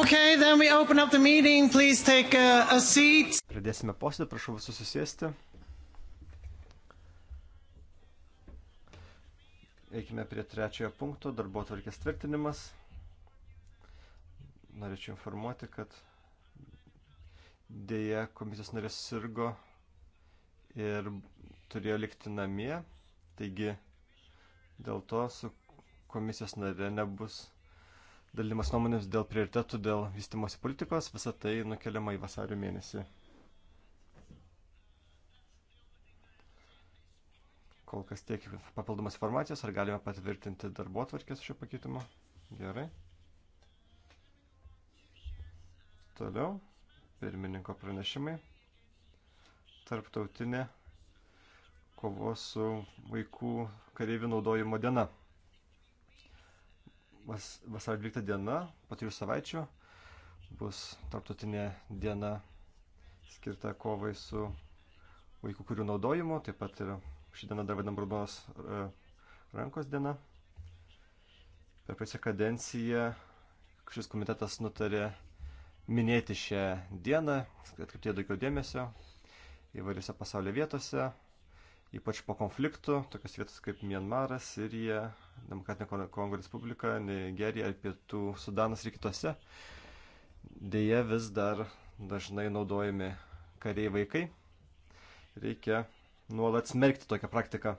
Okay, then we open up the meeting. Please take a, a seat. Pradėsime posėdį, prašau visus susėsti. Eikime prie trečiojo punkto, darbo tvarkės tvirtinimas. Norėčiau informuoti, kad dėja komisijos narės sirgo ir turėjo likti namie. Taigi dėl to su komisijos narė nebus dalymas nuomonės dėl prioritetų, dėl vystimosi politikos, visa tai nukeliama į vasario mėnesį. Kol kas tiek papildomas informacijos, ar galime patvirtinti darbo atvarkės šio pakeitimo? Gerai. Toliau, pirmininko pranešimai. Tarptautinė kovos su vaikų kareivių naudojimo diena vas, vasario 12 diena, po trijų savaičių, bus tarptautinė diena skirta kovai su vaikų kurių naudojimu, taip pat ir ši diena dar vadinam raudonos e, rankos diena. Per praeisę kadenciją šis komitetas nutarė minėti šią dieną, atkreipti daugiau dėmesio įvairiose pasaulio vietose, ypač po konfliktų, tokias vietas kaip Mienmaras, Sirija, Demokratinė Kongo Respublika, Nigerija ir Pietų Sudanas ir kitose, dėje vis dar dažnai naudojami kariai vaikai. Reikia nuolat smerkti tokią praktiką.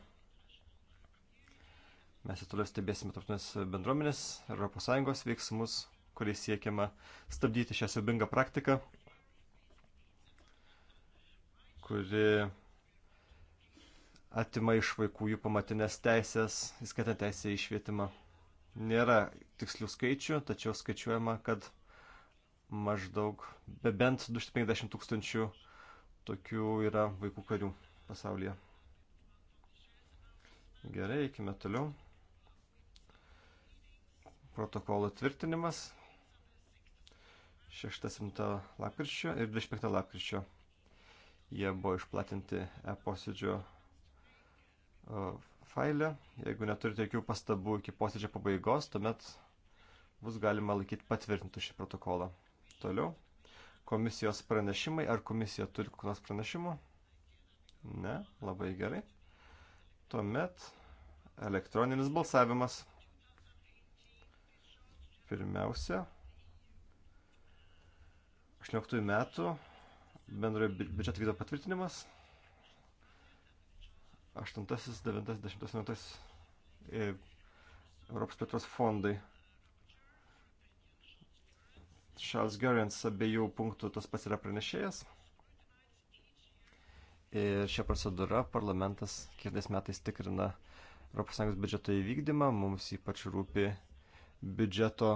Mes ir toliau stebėsime tarptautinės bendruomenės ir ES veiksmus, kuriais siekiama stabdyti šią siubingą praktiką, kuri atima iš vaikų jų pamatinės teisės, įskaitant teisę į švietimą. Nėra tikslių skaičių, tačiau skaičiuojama, kad maždaug be bent 250 tūkstančių tokių yra vaikų karių pasaulyje. Gerai, eikime toliau. Protokolo tvirtinimas 6-7 lapkričio ir 25 lapkričio. Jie buvo išplatinti e-posėdžio E, failę. Jeigu neturite jokių pastabų iki posėdžio pabaigos, tuomet bus galima laikyti patvirtintų šį protokolą. Toliau. Komisijos pranešimai. Ar komisija turi kokių nors pranešimų? Ne, labai gerai. Tuomet elektroninis balsavimas. Pirmiausia, 18 metų bendrojo biudžeto vykdo patvirtinimas aštuntasis, devintas, dešimtas metais e, Europos plėtros fondai. Charles Gerens abiejų punktų tas pats yra pranešėjas. Ir šią procedūrą parlamentas kiekvienais metais tikrina ES biudžeto įvykdymą. Mums ypač rūpi biudžeto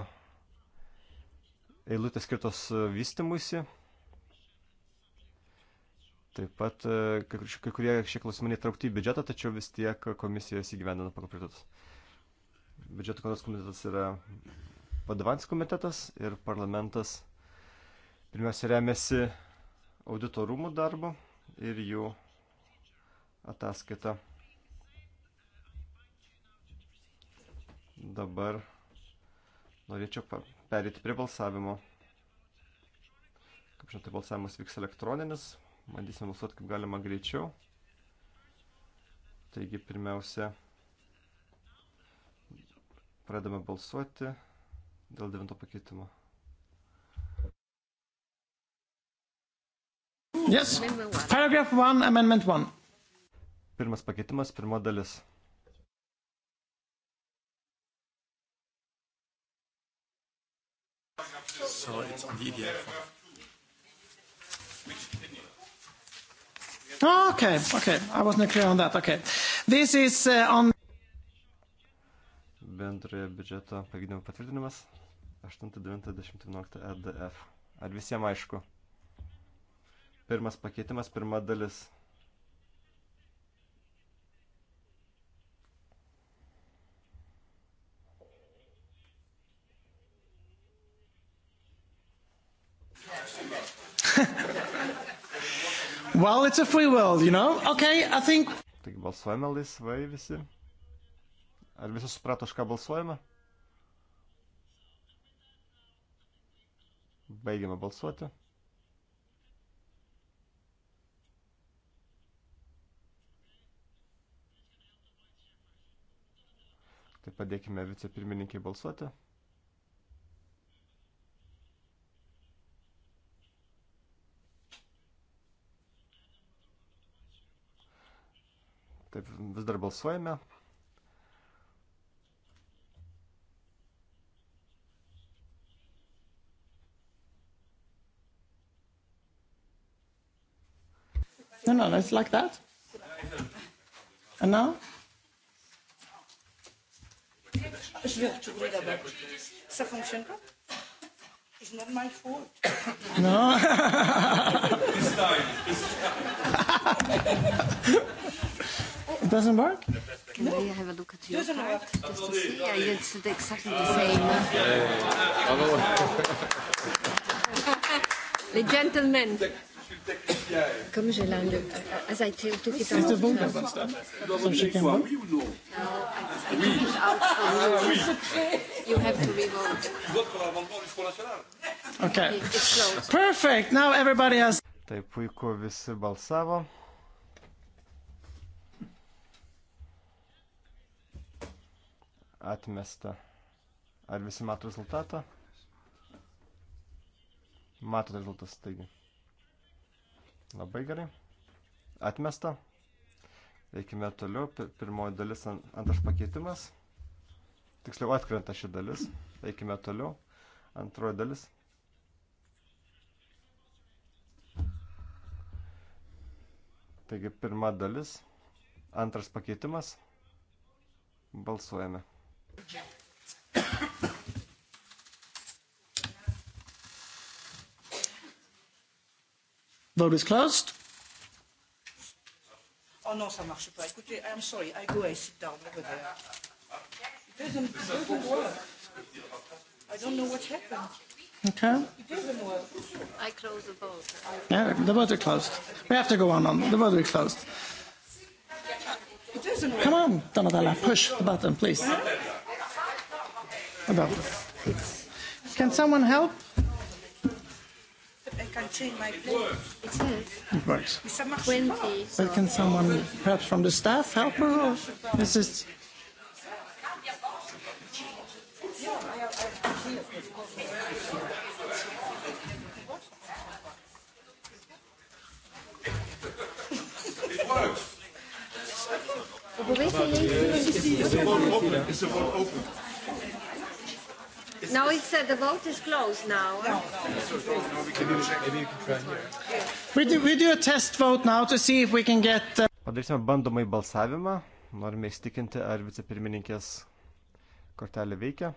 eilutės skirtos vystimuisi Taip pat e, kai kurie šie klausimai netraukti į biudžetą, tačiau vis tiek komisijos įgyvendina pagal prioritetus. Biudžeto kontrolės komitetas yra vadovantis komitetas ir parlamentas pirmiausia remiasi audito rūmų darbu ir jų ataskaita. Dabar norėčiau perėti prie balsavimo. Kaip žinote, balsavimas vyks elektroninis, Bandysime balsuoti kaip galima greičiau. Taigi pirmiausia, pradame balsuoti dėl devinto pakeitimo. Yes. Paragraph 1, Amendment 1. Pirmas pakeitimas, pirma dalis. So it's on the EDF. Oh, okay, okay. I wasn't clear on that. Okay. This is uh, on. Bendrojo biudžeto pagrindimo patvirtinimas 8.9.10.11 EDF. Ar visiems aišku? Pirmas pakeitimas, pirma dalis. Well, it's a free world, you know? Okay, I think. Taigi balsuojame laisvai visi. Ar visi suprato, už ką balsuojame? Baigiame balsuoti. Tai padėkime vicepirmininkiai balsuoti. Taip, vis dar balsuojame. No, no, no, it's like that. And now? Je vais retourner là-bas. Ça fonctionne pas It's not my fault. No. this time. This time. It doesn't work? Can no. we have a look at your doesn't card work. just to see? Yeah, it's exactly the same. Yeah, yeah, yeah. Les gentlemen. Comme j'ai là le... As I took it out. Is the book so she can vote? Oui ou non Oui. Ah oui. You have to revote. Vote pour l'amendement du Front National. Okay. It's closed. Perfect. Now everybody has... Taip puiku visi balsavo. Atmesta. Ar visi mato rezultatą? Mato rezultatus, taigi. Labai gerai. Atmesta. Eikime toliau. Pirmoji dalis antras pakeitimas. Tiksliau atkrenta ši dalis. Eikime toliau. Antroji dalis. Taigi pirma dalis. Antras pakeitimas. Balsuojame. Čia. Vote is closed. Oh non, ça marche pas. Écoutez, I'm sorry, I go, I sit down over there. It doesn't, it doesn't work. I don't know what happened. Okay. It doesn't work. I close the vote. Yeah, the vote is closed. We have to go on. on. The vote is closed. It doesn't work. Come on, Donatella, push the button, please. Huh? about it. Can someone help? I can change my plate. It works. It works. It's a 20. But can someone, perhaps from the staff, help her? Or is it... It works. It's a wall open. It's a wall open. No, it said uh, the vote is closed now. No, no. We can do, maybe you can try here. We do, we do a test vote now to see if we can get... Uh... Padarysime bandomai balsavimą. Norime įstikinti, ar vicepirmininkės kortelė veikia.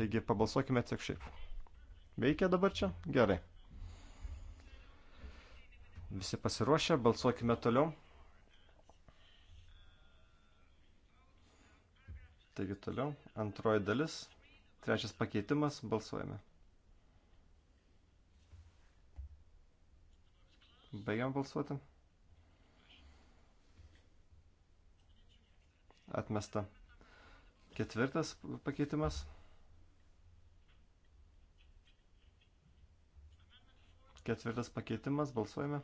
Taigi pabalsuokime tiek šiaip. Veikia dabar čia? Gerai. Visi pasiruošę, balsuokime toliau. Taigi toliau, antroji dalis – Trečias pakeitimas, balsuojame. Baigiam balsuoti. Atmesta. Ketvirtas pakeitimas. Ketvirtas pakeitimas, balsuojame.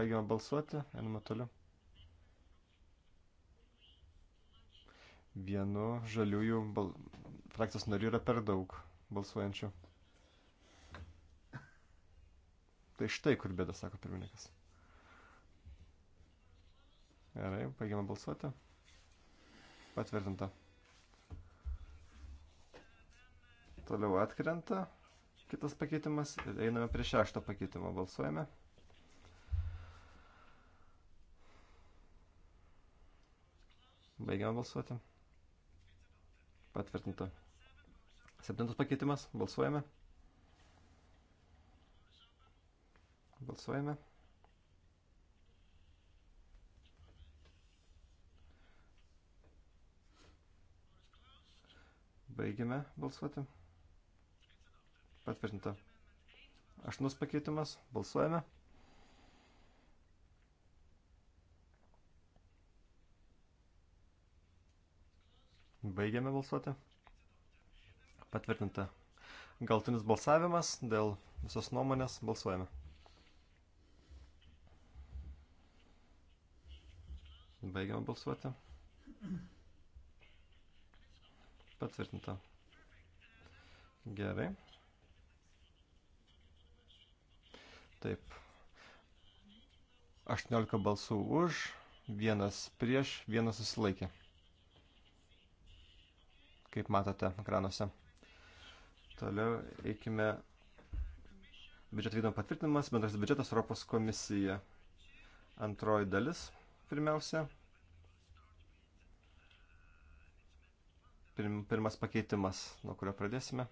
Baigiam balsuoti, einame toliau. Vienu žaliųjų bal... frakcijos nariu yra per daug balsuojančių. Tai štai kur bėda, sako pirmininkas. Gerai, baigiame balsuoti. Patvirtinta. Toliau atkrenta kitas pakeitimas ir einame prie šešto pakeitimo. Balsuojame. Baigiame balsuoti. Patvirtinta. Septintas pakeitimas. Balsuojame. Balsuojame. Baigiame balsuoti. Patvirtinta. Aštuntas pakeitimas. Balsuojame. Baigiame balsuoti. Patvirtinta. Galtinis balsavimas dėl visos nuomonės. Balsuojame. Baigiame balsuoti. Patvirtinta. Gerai. Taip. 18 balsų už, vienas prieš, vienas susilaikė kaip matote ekranuose. Toliau eikime. Biudžeto vykdomo patvirtinimas, bendras biudžetas Europos komisija. Antroji dalis pirmiausia. Pirm, pirmas pakeitimas, nuo kurio pradėsime.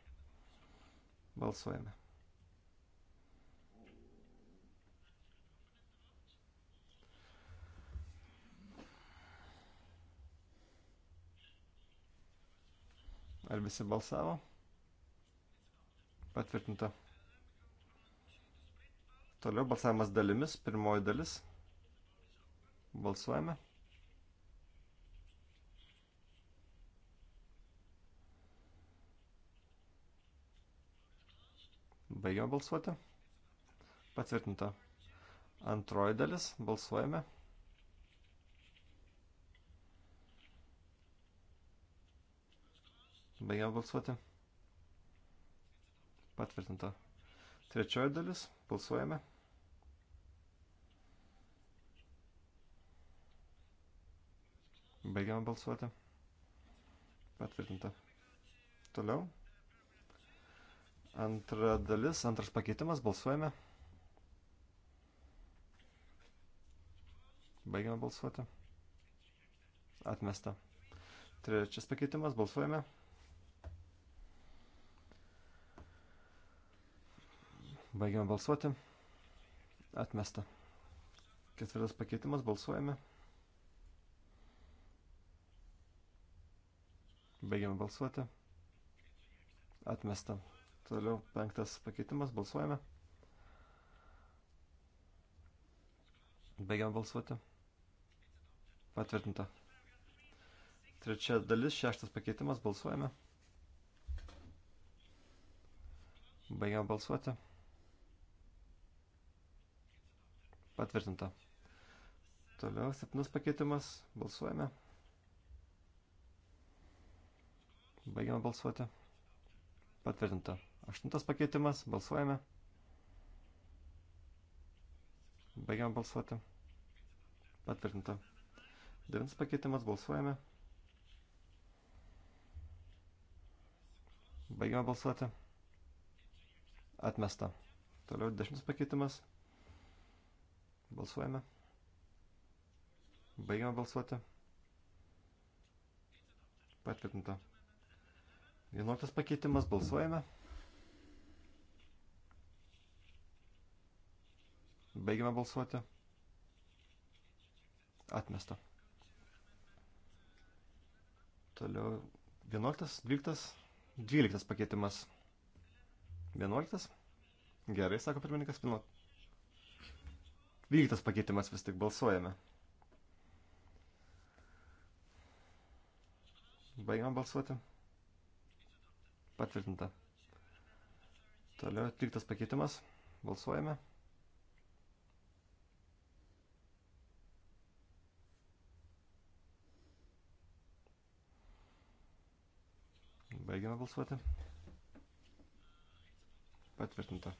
Balsuojame. Ar visi balsavo? Patvirtinta. Toliau balsavimas dalimis, pirmoji dalis. Balsuojame. Baigiau balsuoti. Patvirtinta. Antroji dalis, balsuojame. Balsuojame. Baigiam balsuoti. Patvirtinta. Trečioji dalis. Balsuojame. Baigiam balsuoti. Patvirtinta. Toliau. Antra dalis, antras pakeitimas. Balsuojame. Baigiam balsuoti. Atmesta. Trečias pakeitimas. Balsuojame. Balsuojame. Baigiame balsuoti. Atmesta. Ketvirtas pakeitimas. Balsuojame. Baigiame balsuoti. Atmesta. Toliau penktas pakeitimas. Balsuojame. Baigiame balsuoti. Patvirtinta. Trečia dalis, šeštas pakeitimas, balsuojame. Baigiam balsuoti. Patvirtinta. Toliau septynas pakeitimas. Balsuojame. Baigiame balsuoti. Patvirtinta. Aštuntas pakeitimas. Balsuojame. Baigiame balsuoti. Patvirtinta. Devintas pakeitimas. Balsuojame. Baigiame balsuoti. Atmesta. Toliau dešimtas pakeitimas. Balsuojame. Baigiame balsuoti. Patvirtinta. 11 pakeitimas. Balsuojame. Baigiame balsuoti. Atmesta. Toliau 11, 12, 12 pakeitimas. 11. Gerai, sako pirmininkas, 11. Vykdytas pakeitimas vis tik balsuojame. Baigiam balsuoti. Patvirtinta. Toliau atliktas pakeitimas. Balsuojame. Baigiame balsuoti. Patvirtinta.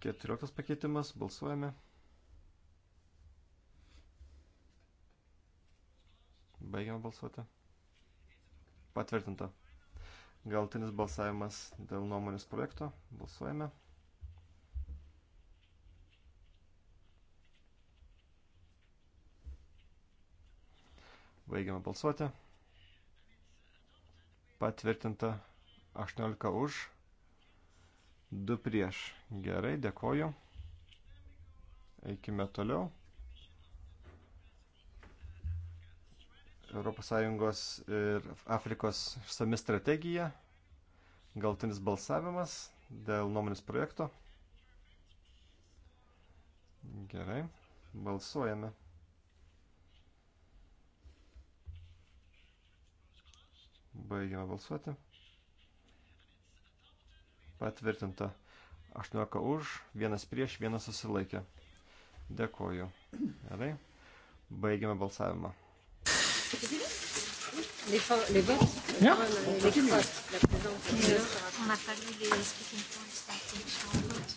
14 pakeitimas, balsuojame. Baigiame balsuoti. Patvirtinta. Galtinis balsavimas dėl nuomonės projekto. Balsuojame. Baigiame balsuoti. Patvirtinta 18 už, 2 prieš. Gerai, dėkoju. Eikime toliau. ES ir Afrikos sami strategija. Galtinis balsavimas dėl nuomonės projekto. Gerai, balsuojame. Baigiame balsuoti. Patvirtinta. 18 už, vienas prieš, vienas susilaikė. Dėkoju. Gerai. Baigiame balsavimą. Les, les votes Non, ah, les, les votes. La présence de la On a pas lu les speaking points d'attention au vote.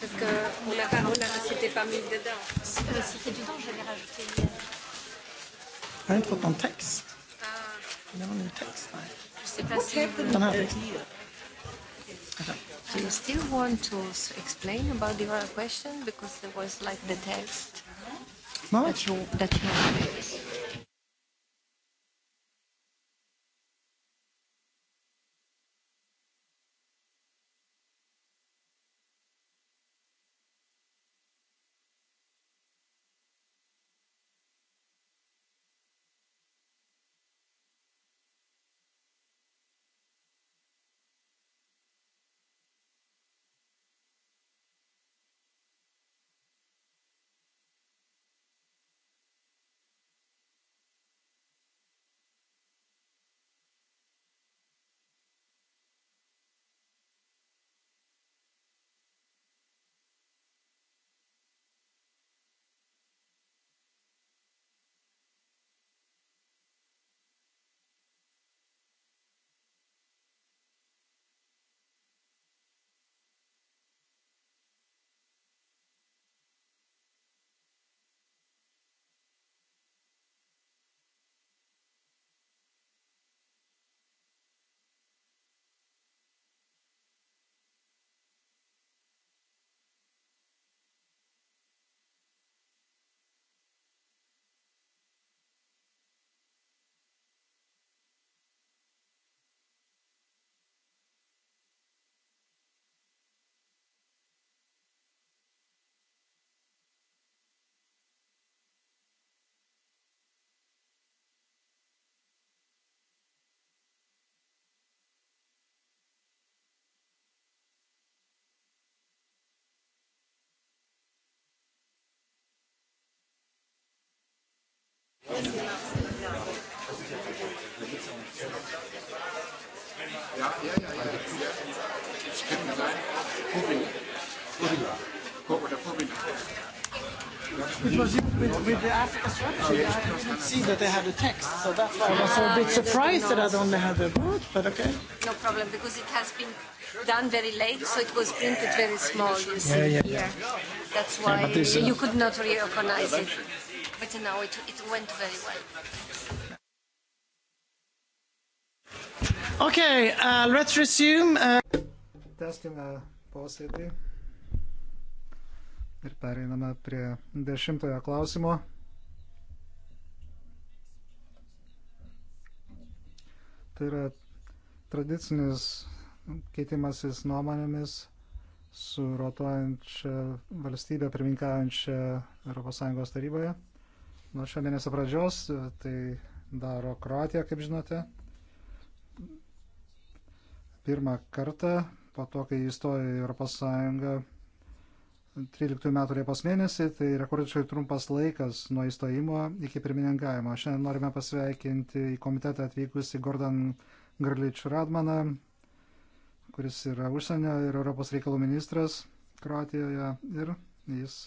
Parce qu'on l'a pas, c'était pas mis dedans. Si c'était dedans, je l'ai rajouté hier. Entre ton texte Det var min text. Den här texten. Do you still want to explain about the oral question because there was like the text no. that you that you Ja, ja, ja, ja. Ich kenne seinen Vorbild. Vorbild. Guck mal, der Vorbild. It was you with, with the Africa strategy. I didn't see that they had a text, so that's why I was a bit surprised that I don't have the word, but okay. No problem, because it has been done very late, so it was printed very small, you see. Yeah, yeah, yeah. yeah. That's why yeah, this, uh, you could not recognize it. But no, it, it went very well. Okay, uh, let's resume. Uh... Teskime posėdį. Ir pereiname prie dešimtojo klausimo. Tai yra tradicinis keitimasis nuomonėmis su rotuojančia valstybė, pirminkaujančia ES taryboje nuo šio mėnesio pradžios, tai daro Kroatija, kaip žinote. Pirmą kartą po to, kai įstojo į Europos Sąjungą 13 metų Liepos mėnesį, tai rekordiškai trumpas laikas nuo įstojimo iki pirmininkavimo. Šiandien norime pasveikinti į komitetą atvykusi Gordon Garlič Radmaną, kuris yra užsienio ir Europos reikalų ministras Kroatijoje ir jis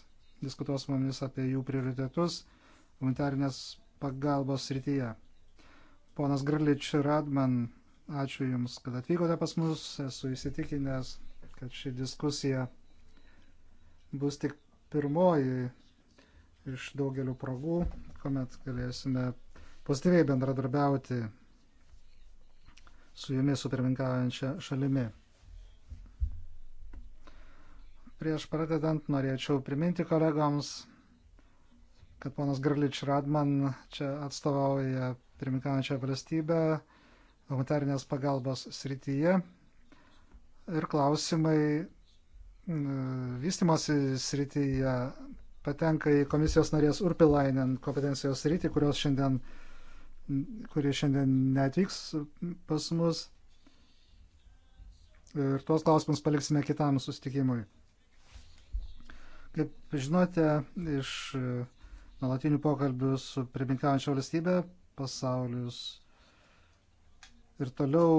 diskutuos su mumis apie jų prioritetus humanitarinės pagalbos srityje. Ponas Grlič Radman, ačiū Jums, kad atvykote pas mus. Esu įsitikinęs, kad ši diskusija bus tik pirmoji iš daugelių progų, kuomet galėsime pozityviai bendradarbiauti su jumis supervinkaujančia šalimi. Prieš pradedant norėčiau priminti kolegoms, kad ponas Grlič Radman čia atstovauja pirmininkaujančią valstybę humanitarinės pagalbos srityje. Ir klausimai vystimosi srityje patenka į komisijos narės Urpilainen kompetencijos srity, kurios šiandien, kuri šiandien neatvyks pas mus. Ir tuos klausimus paliksime kitam susitikimui. Kaip žinote, iš nuolatinių pokalbių su pirmininkaujančia valstybė, pasaulius ir toliau,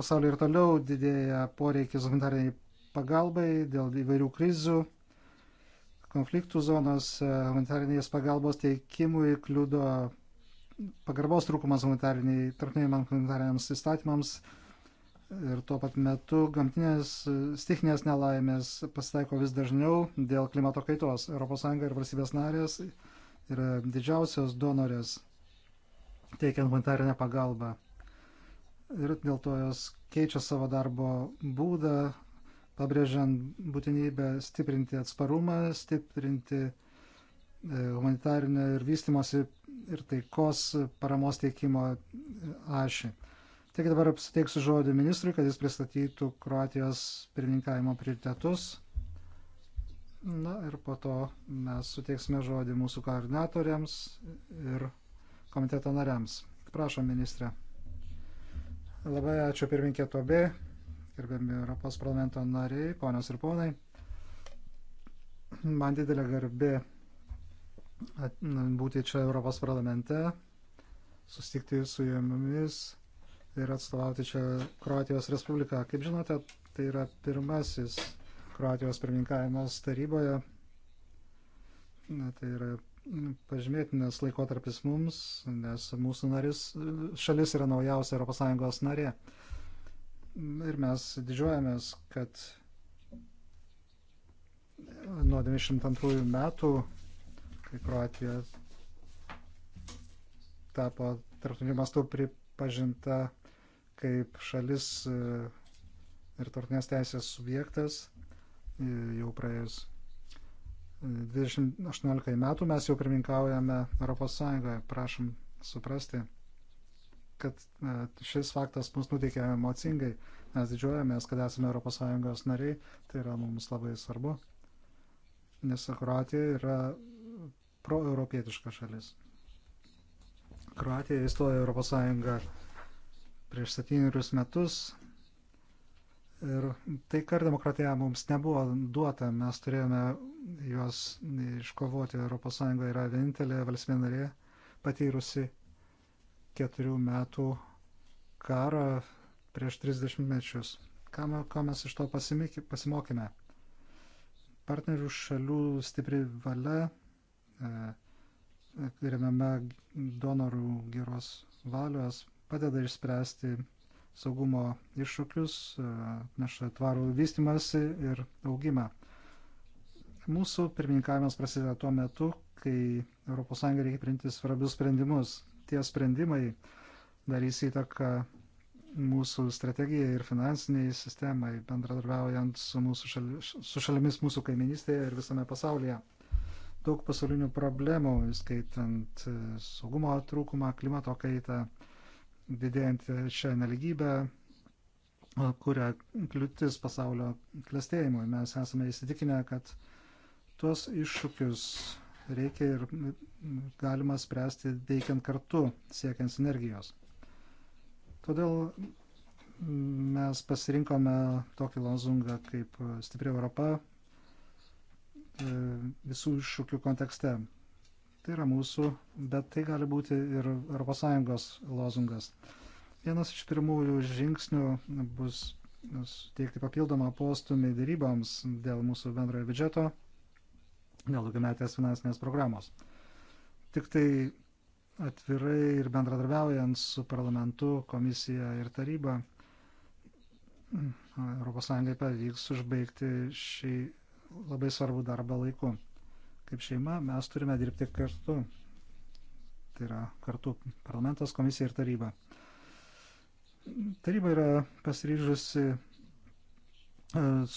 pasaulyje ir toliau didėja poreikis humanitariniai pagalbai dėl įvairių krizių, konfliktų zonos, humanitarinės pagalbos teikimui kliudo pagarbos trūkumas humanitariniai, tarptautiniams humanitariniams įstatymams, ir tuo pat metu gamtinės stichinės nelaimės pasitaiko vis dažniau dėl klimato kaitos. ES ir valstybės narės yra didžiausios donorės teikiant humanitarinę pagalbą. Ir dėl to jos keičia savo darbo būdą, pabrėžiant būtinybę stiprinti atsparumą, stiprinti e, humanitarinę ir vystimosi ir taikos paramos teikimo ašį. Taigi dabar suteiksiu žodį ministrui, kad jis pristatytų Kroatijos pirmininkavimo prioritetus. Na ir po to mes suteiksime žodį mūsų koordinatoriams ir komiteto nariams. Prašom, ministrė. Labai ačiū pirmininkė Tobė, gerbiami Europos parlamento nariai, ponios ir ponai. Man didelė garbė būti čia Europos parlamente, susitikti su jumis ir atstovauti čia Kroatijos Respubliką. Kaip žinote, tai yra pirmasis Kroatijos pirmininkavimas taryboje. Na, tai yra pažymėtinas laikotarpis mums, nes mūsų narys, šalis yra naujausia ES narė. Ir mes didžiuojamės, kad nuo 92 metų, kai Kroatija tapo tarptautiniu mastu pripažinta kaip šalis e, ir tarptautinės teisės subjektas e, jau praėjus 2018 e, metų mes jau pirmininkaujame ES. Prašom suprasti, kad šis faktas mus nuteikia emocingai. Mes didžiuojamės, kad esame ES nariai. Tai yra mums labai svarbu, nes Kroatija yra proeuropietiška šalis. Kroatija įstojo ES prieš septynerius metus. Ir taika ir demokratija mums nebuvo duota, mes turėjome juos iškovoti. ES yra vienintelė valstybė narė patyrusi keturių metų karą prieš 30 mečius. Ką, ką mes iš to pasimyki, pasimokime? Partnerių šalių stipri valia, e, remiame donorų geros valios, padeda išspręsti saugumo iššūkius, neša tvarų vystimąsi ir augimą. Mūsų pirmininkavimas prasideda tuo metu, kai ES reikia priimti svarbius sprendimus. Tie sprendimai darys įtaką mūsų strategijai ir finansiniai sistemai, bendradarbiaujant su, mūsų šali, su šalimis mūsų kaiminystėje ir visame pasaulyje. Daug pasaulinių problemų, skaitant e, saugumo trūkumą, klimato kaitą, didėjantį šią neligybę kuria kliūtis pasaulio klestėjimui. Mes esame įsitikinę, kad tuos iššūkius reikia ir galima spręsti veikiant kartu, siekiant sinergijos. Todėl mes pasirinkome tokį lozungą kaip stipri Europa e, visų iššūkių kontekste. Tai yra mūsų, bet tai gali būti ir ES lozungas. Vienas iš pirmųjų žingsnių bus suteikti papildomą postumį dėryboms dėl mūsų bendrojo biudžeto, dėl daugiametės finansinės programos. Tik tai atvirai ir bendradarbiaujant su parlamentu, komisija ir taryba, ES pavyks užbaigti šį labai svarbų darbą laiku kaip šeima mes turime dirbti kartu. Tai yra kartu parlamentas, komisija ir taryba. Taryba yra pasiryžusi e,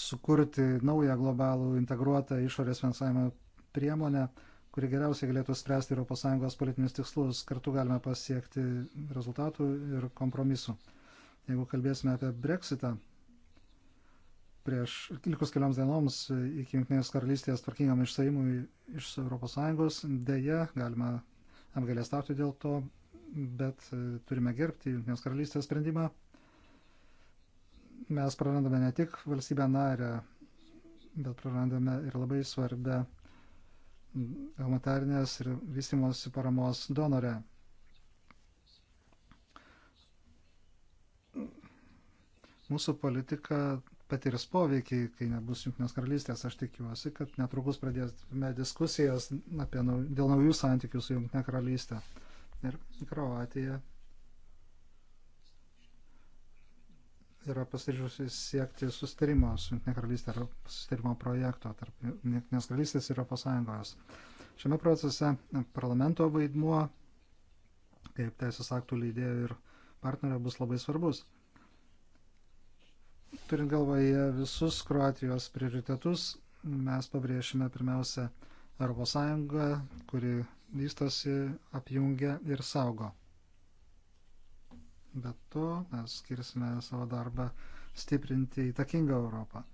sukurti naują globalų integruotą išorės finansavimo priemonę, kuri geriausiai galėtų spręsti ES politinius tikslus. Kartu galime pasiekti rezultatų ir kompromisų. Jeigu kalbėsime apie Brexitą, prieš likus kelioms dienoms iki Junktinės karalystės tvarkingam išsaimui iš ES. Deja, galima apgalėstauti dėl to, bet e, turime gerbti Junktinės karalystės sprendimą. Mes prarandame ne tik valstybę narę, bet prarandame ir labai svarbę humanitarinės ir vystimosi paramos donorę. Mūsų politika patirs poveikį, kai nebus Junktinės karalystės. Aš tikiuosi, kad netrukus pradėsime diskusijas apie, nau, dėl naujų santykių su Junktinė karalystė ir Kroatija yra pasiryžusi siekti sustarimo su Junktinė karalystė ar sustarimo projekto tarp Junktinės karalystės ir Europos Sąjungos. Šiame procese parlamento vaidmuo kaip teisės aktų leidėjo ir partnerio bus labai svarbus turint galvoje visus Kroatijos prioritetus, mes pabrėšime pirmiausia ES, kuri vystosi, apjungia ir saugo. Bet to mes skirsime savo darbą stiprinti įtakingą Europą.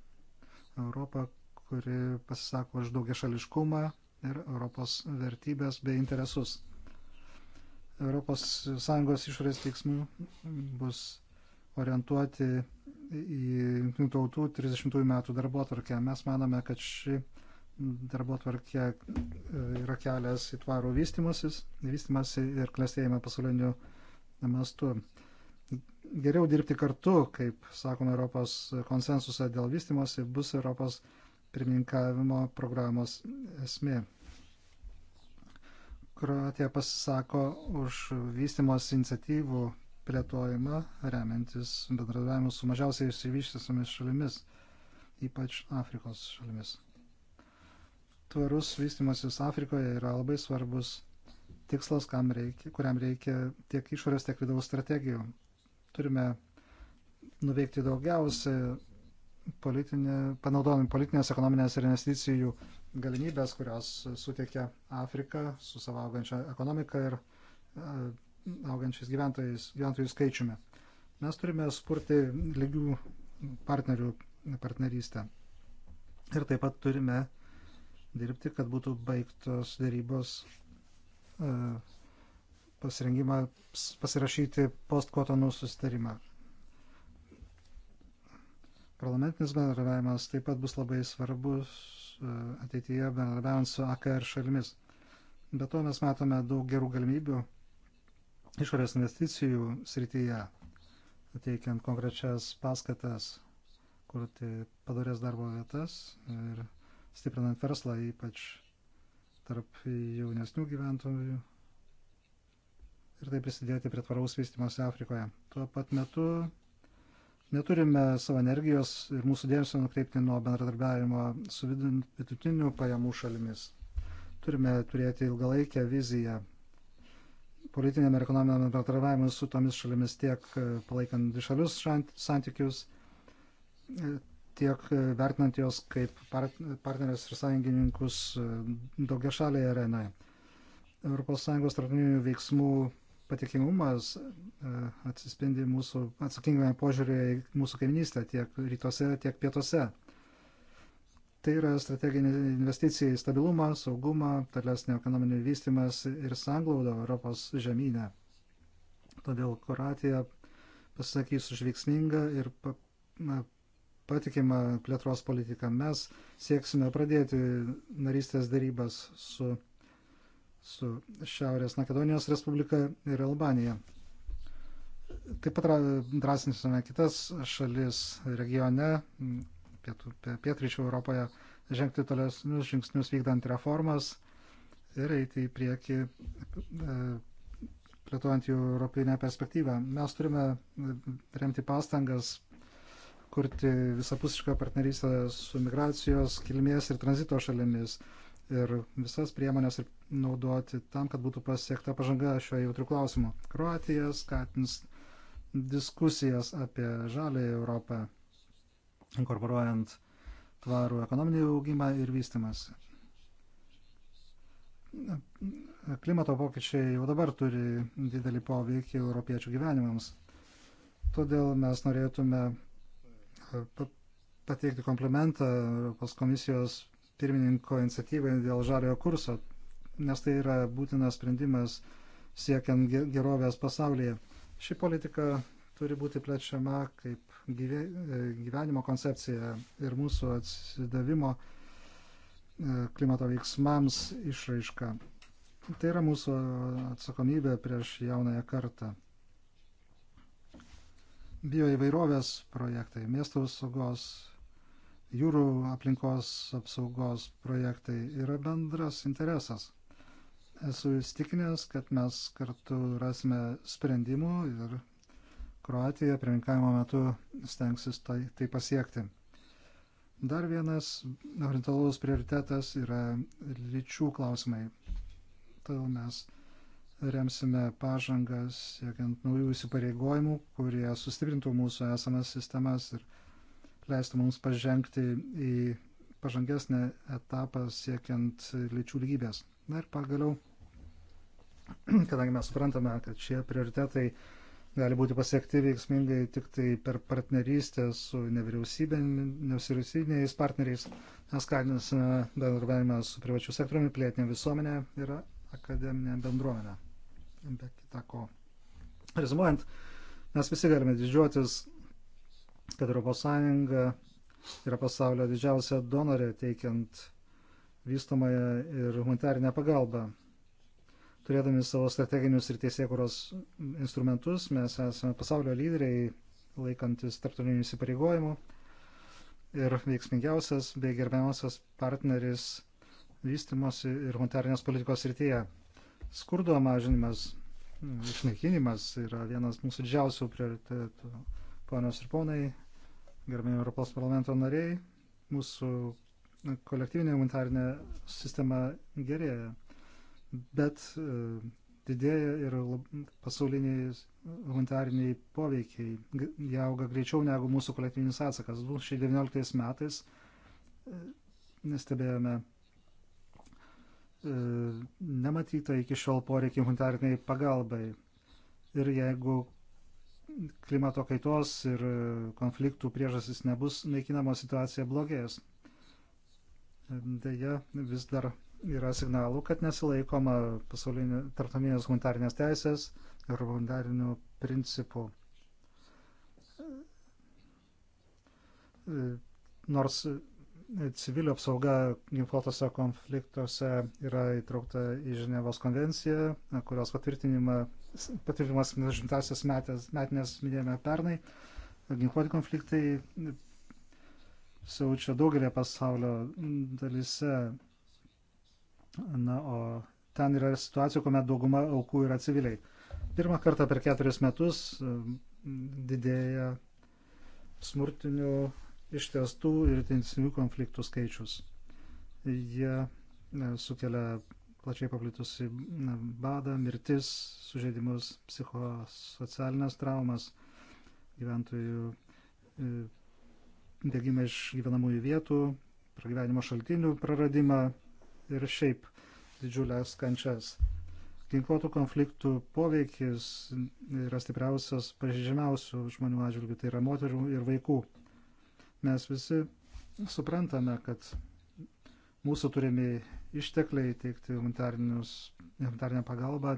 Europą, kuri pasisako už daugia šališkumą ir Europos vertybės bei interesus. ES išorės veiksmų bus orientuoti į Junktinių tautų 30 metų darbo atvarkę. Mes manome, kad ši darbo atvarkė e, yra kelias į tvarų vystimasis, vystimasi ir klėstėjimą pasauliniu mastu. Geriau dirbti kartu, kaip sakome, Europos konsensusą dėl vystimosi bus Europos pirmininkavimo programos esmė. Kroatija pasisako už vystimos iniciatyvų plėtojimą remiantis bendradavimu su mažiausiai išsivyščiusiamis šalimis, ypač Afrikos šalimis. Tvarus vystimasis Afrikoje yra labai svarbus tikslas, reikia, kuriam reikia tiek išorės, tiek vidaus strategijų. Turime nuveikti daugiausia politinė, panaudodami politinės, ekonominės ir investicijų galimybės, kurios suteikia Afrika su savo augančia ekonomika ir e, augančiais gyventojų skaičiumi. Mes turime skurti lygių partnerių partnerystę. Ir taip pat turime dirbti, kad būtų baigtos dėrybos e, pasirengimą pasirašyti postkotonų susitarimą. Parlamentinis bendradarbiavimas taip pat bus labai svarbus e, ateityje bendradarbiavant su AKR šalimis. Be to mes matome daug gerų galimybių išorės investicijų srityje, teikiant konkrečias paskatas, kurti padarės darbo vietas ir stiprinant verslą, ypač tarp jaunesnių gyventojų ir taip prisidėti prie tvaraus vystimosi Afrikoje. Tuo pat metu neturime savo energijos ir mūsų dėmesio nukreipti nuo bendradarbiavimo su vidutinių pajamų šalimis. Turime turėti ilgalaikę viziją politiniam ir ekonominiam bendradarbiavimui su tomis šalimis tiek e, palaikant dvišalius santykius, e, tiek e, vertinant jos kaip partnerius ir sąjungininkus daugia šalėje arenoje. ES strateginių veiksmų patikimumas atsispindi mūsų atsakingame požiūrėje į mūsų kaiminystę tiek rytuose, tiek pietuose. Tai yra strateginė investicija į stabilumą, saugumą, tolesnį ekonominį vystimas ir sanglaudą Europos žemynę. Todėl Kroatija pasisakys už veiksmingą ir pa, na, patikimą plėtros politiką. Mes sieksime pradėti narystės darybas su, su Šiaurės Makedonijos Respublika ir Albanija. Taip pat drąsinsime kitas šalis regione, pietų, pietryčių Europoje žengti tolesnius žingsnius vykdant reformas ir eiti į priekį e, plėtojant jų europinę perspektyvą. Mes turime e, remti pastangas kurti visapusišką partnerystę su migracijos, kilmės ir tranzito šalimis ir visas priemonės ir naudoti tam, kad būtų pasiekta pažanga šio jautrių klausimų. Kroatija skatins diskusijas apie žalę Europą inkorporuojant tvarų ekonominį augimą ir vystimas. Klimato pokyčiai jau dabar turi didelį poveikį europiečių gyvenimams. Todėl mes norėtume pateikti komplementą Europos komisijos pirmininko iniciatyvai dėl žaliojo kurso, nes tai yra būtinas sprendimas siekiant gerovės pasaulyje. Ši politika turi būti plečiama kaip E, gyvenimo koncepcija ir mūsų atsidavimo e, klimato veiksmams išraiška. Tai yra mūsų atsakomybė prieš jaunąją kartą. Bioįvairovės projektai, miestų saugos, jūrų aplinkos apsaugos projektai yra bendras interesas. Esu įstikinęs, kad mes kartu rasime sprendimų ir Kroatija pirmininkavimo metu stengsis tai, tai pasiekti. Dar vienas horizontalus prioritetas yra lyčių klausimai. Todėl mes remsime pažangas, siekiant naujų įsipareigojimų, kurie sustiprintų mūsų esamas sistemas ir leistų mums pažengti į pažangesnį etapą siekiant lyčių lygybės. Na ir pagaliau, kadangi mes suprantame, kad šie prioritetai gali būti pasiekti veiksmingai tik tai per partnerystę su nevyriausybiniais partneriais. Mes skatinsime bendradarbiavimą su privačiu sektoriumi, plėtinė visuomenė ir akademinė bendruomenė. Be kita ko. Rezumuojant, mes visi galime didžiuotis, kad ES yra pasaulio didžiausia donorė teikiant vystomąją ir humanitarinę pagalbą. Turėdami savo strateginius ir teisėkuros instrumentus, mes esame pasaulio lyderiai laikantis tarptautinių įsipareigojimų ir veiksmingiausias bei gerbiamiausias partneris vystimosi ir humanitarinės politikos rytyje. Skurdo mažinimas, išnaikinimas yra vienas mūsų didžiausių prioritetų. Ponios ir ponai, gerbėjami Europos parlamento nariai, mūsų kolektyvinė humanitarinė sistema gerėja bet e, didėja ir pasauliniai humanitariniai poveikiai. Jie auga greičiau negu mūsų kolektyvinis atsakas. 2019 metais e, stebėjome e, nematytą iki šiol poreikį humanitariniai pagalbai. Ir jeigu klimato kaitos ir konfliktų priežasis nebus naikinama, situacija blogės. Deja, vis dar yra signalų, kad nesilaikoma tarptautinės humanitarinės teisės ir humanitarinių principų. Nors civilių apsauga ginkluotose konfliktuose yra įtraukta į Ženevos konvenciją, kurios patvirtinimas 70-asias metinės minėjome pernai, ginkluoti konfliktai siaučia daugelį pasaulio dalise Na, o ten yra situacijų, kuomet dauguma aukų yra civiliai. Pirmą kartą per keturis metus mm, didėja smurtinių ištestų ir intensinių konfliktų skaičius. Jie e, sukelia plačiai paplitusi badą, mirtis, sužeidimus, psichosocialinės traumas, gyventojų e, bėgimą iš gyvenamųjų vietų, pragyvenimo šaltinių praradimą, ir šiaip didžiulės kančias. Ginkluotų konfliktų poveikis yra stipriausias pažydžiamiausių žmonių atžvilgių, tai yra moterų ir vaikų. Mes visi suprantame, kad mūsų turimi ištekliai teikti tai humanitarinę pagalbą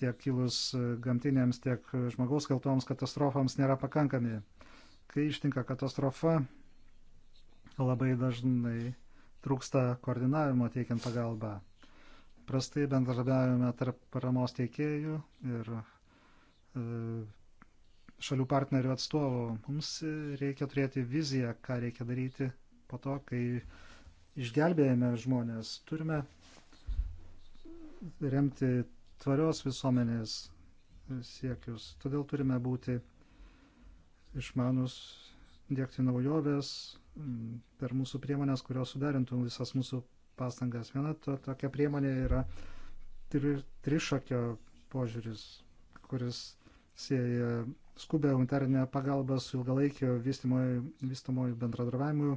tiek kilus gamtinėms, tiek žmogaus kaltoms katastrofams nėra pakankami. Kai ištinka katastrofa, labai dažnai trūksta koordinavimo teikiant pagalbą. Prastai bendradarbiavime tarp paramos teikėjų ir e, šalių partnerių atstovų. Mums reikia turėti viziją, ką reikia daryti po to, kai išgelbėjame žmonės. Turime remti tvarios visuomenės siekius. Todėl turime būti išmanus, dėkti naujoves, per mūsų priemonės, kurios sudarintų visas mūsų pastangas. Viena to, tokia priemonė yra tri, trišakio požiūris, kuris sieja skubę humanitarinę pagalbą su ilgalaikio vystamojo bendradarbiavimu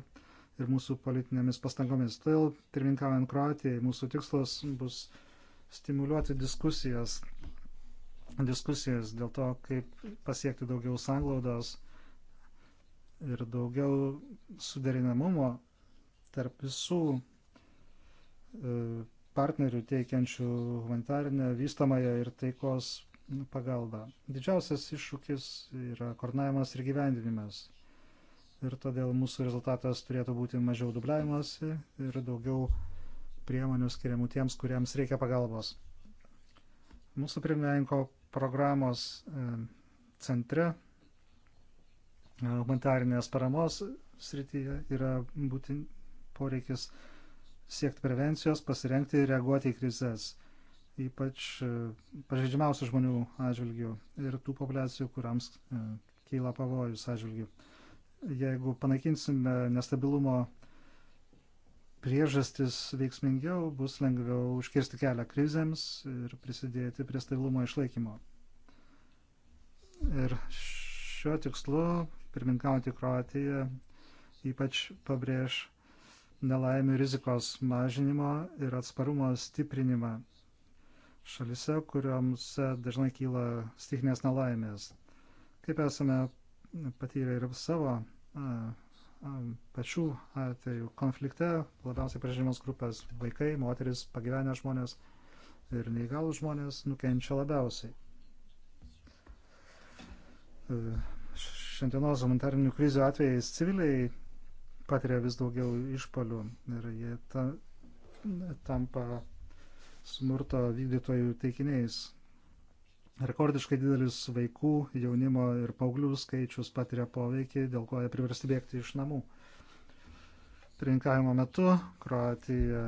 ir mūsų politinėmis pastangomis. Todėl, pirmininkaujant Kroatijai, mūsų tikslas bus stimuliuoti diskusijas, diskusijas dėl to, kaip pasiekti daugiau sanglaudos ir daugiau suderinamumo tarp visų e, partnerių teikiančių humanitarinę, vystamąją ir taikos pagalbą. Didžiausias iššūkis yra koordinavimas ir gyvendinimas. Ir todėl mūsų rezultatas turėtų būti mažiau dubliavimas ir daugiau priemonių skiriamų tiems, kuriems reikia pagalbos. Mūsų pirmininko programos e, centre humanitarinės paramos srityje yra būtin poreikis siekti prevencijos, pasirengti ir reaguoti į krizės, ypač e, pažeidžiamiausių žmonių atžvilgių ir tų populiacijų, kuriams e, keila pavojus atžvilgių. Jeigu panaikinsime nestabilumo priežastis veiksmingiau, bus lengviau užkirsti kelią krizėms ir prisidėti prie stabilumo išlaikymo. Ir šiuo tikslu pirmininkaujantį Kroatiją ypač pabrėž nelaimių rizikos mažinimo ir atsparumo stiprinimą šalise, kuriuoms dažnai kyla stichinės nelaimės. Kaip esame patyrę ir savo a, a, pačių atveju konflikte, labiausiai pažymos grupės - vaikai, moteris, pagyvenę žmonės ir neįgalų žmonės nukenčia labiausiai. E, šiandienos humanitarinių krizių atvejais civiliai patiria vis daugiau išpalių ir jie ta, tampa smurto vykdytojų teikiniais. Rekordiškai didelis vaikų, jaunimo ir paauglių skaičius patiria poveikį, dėl ko jie priversti bėgti iš namų. Pirinkavimo metu Kroatija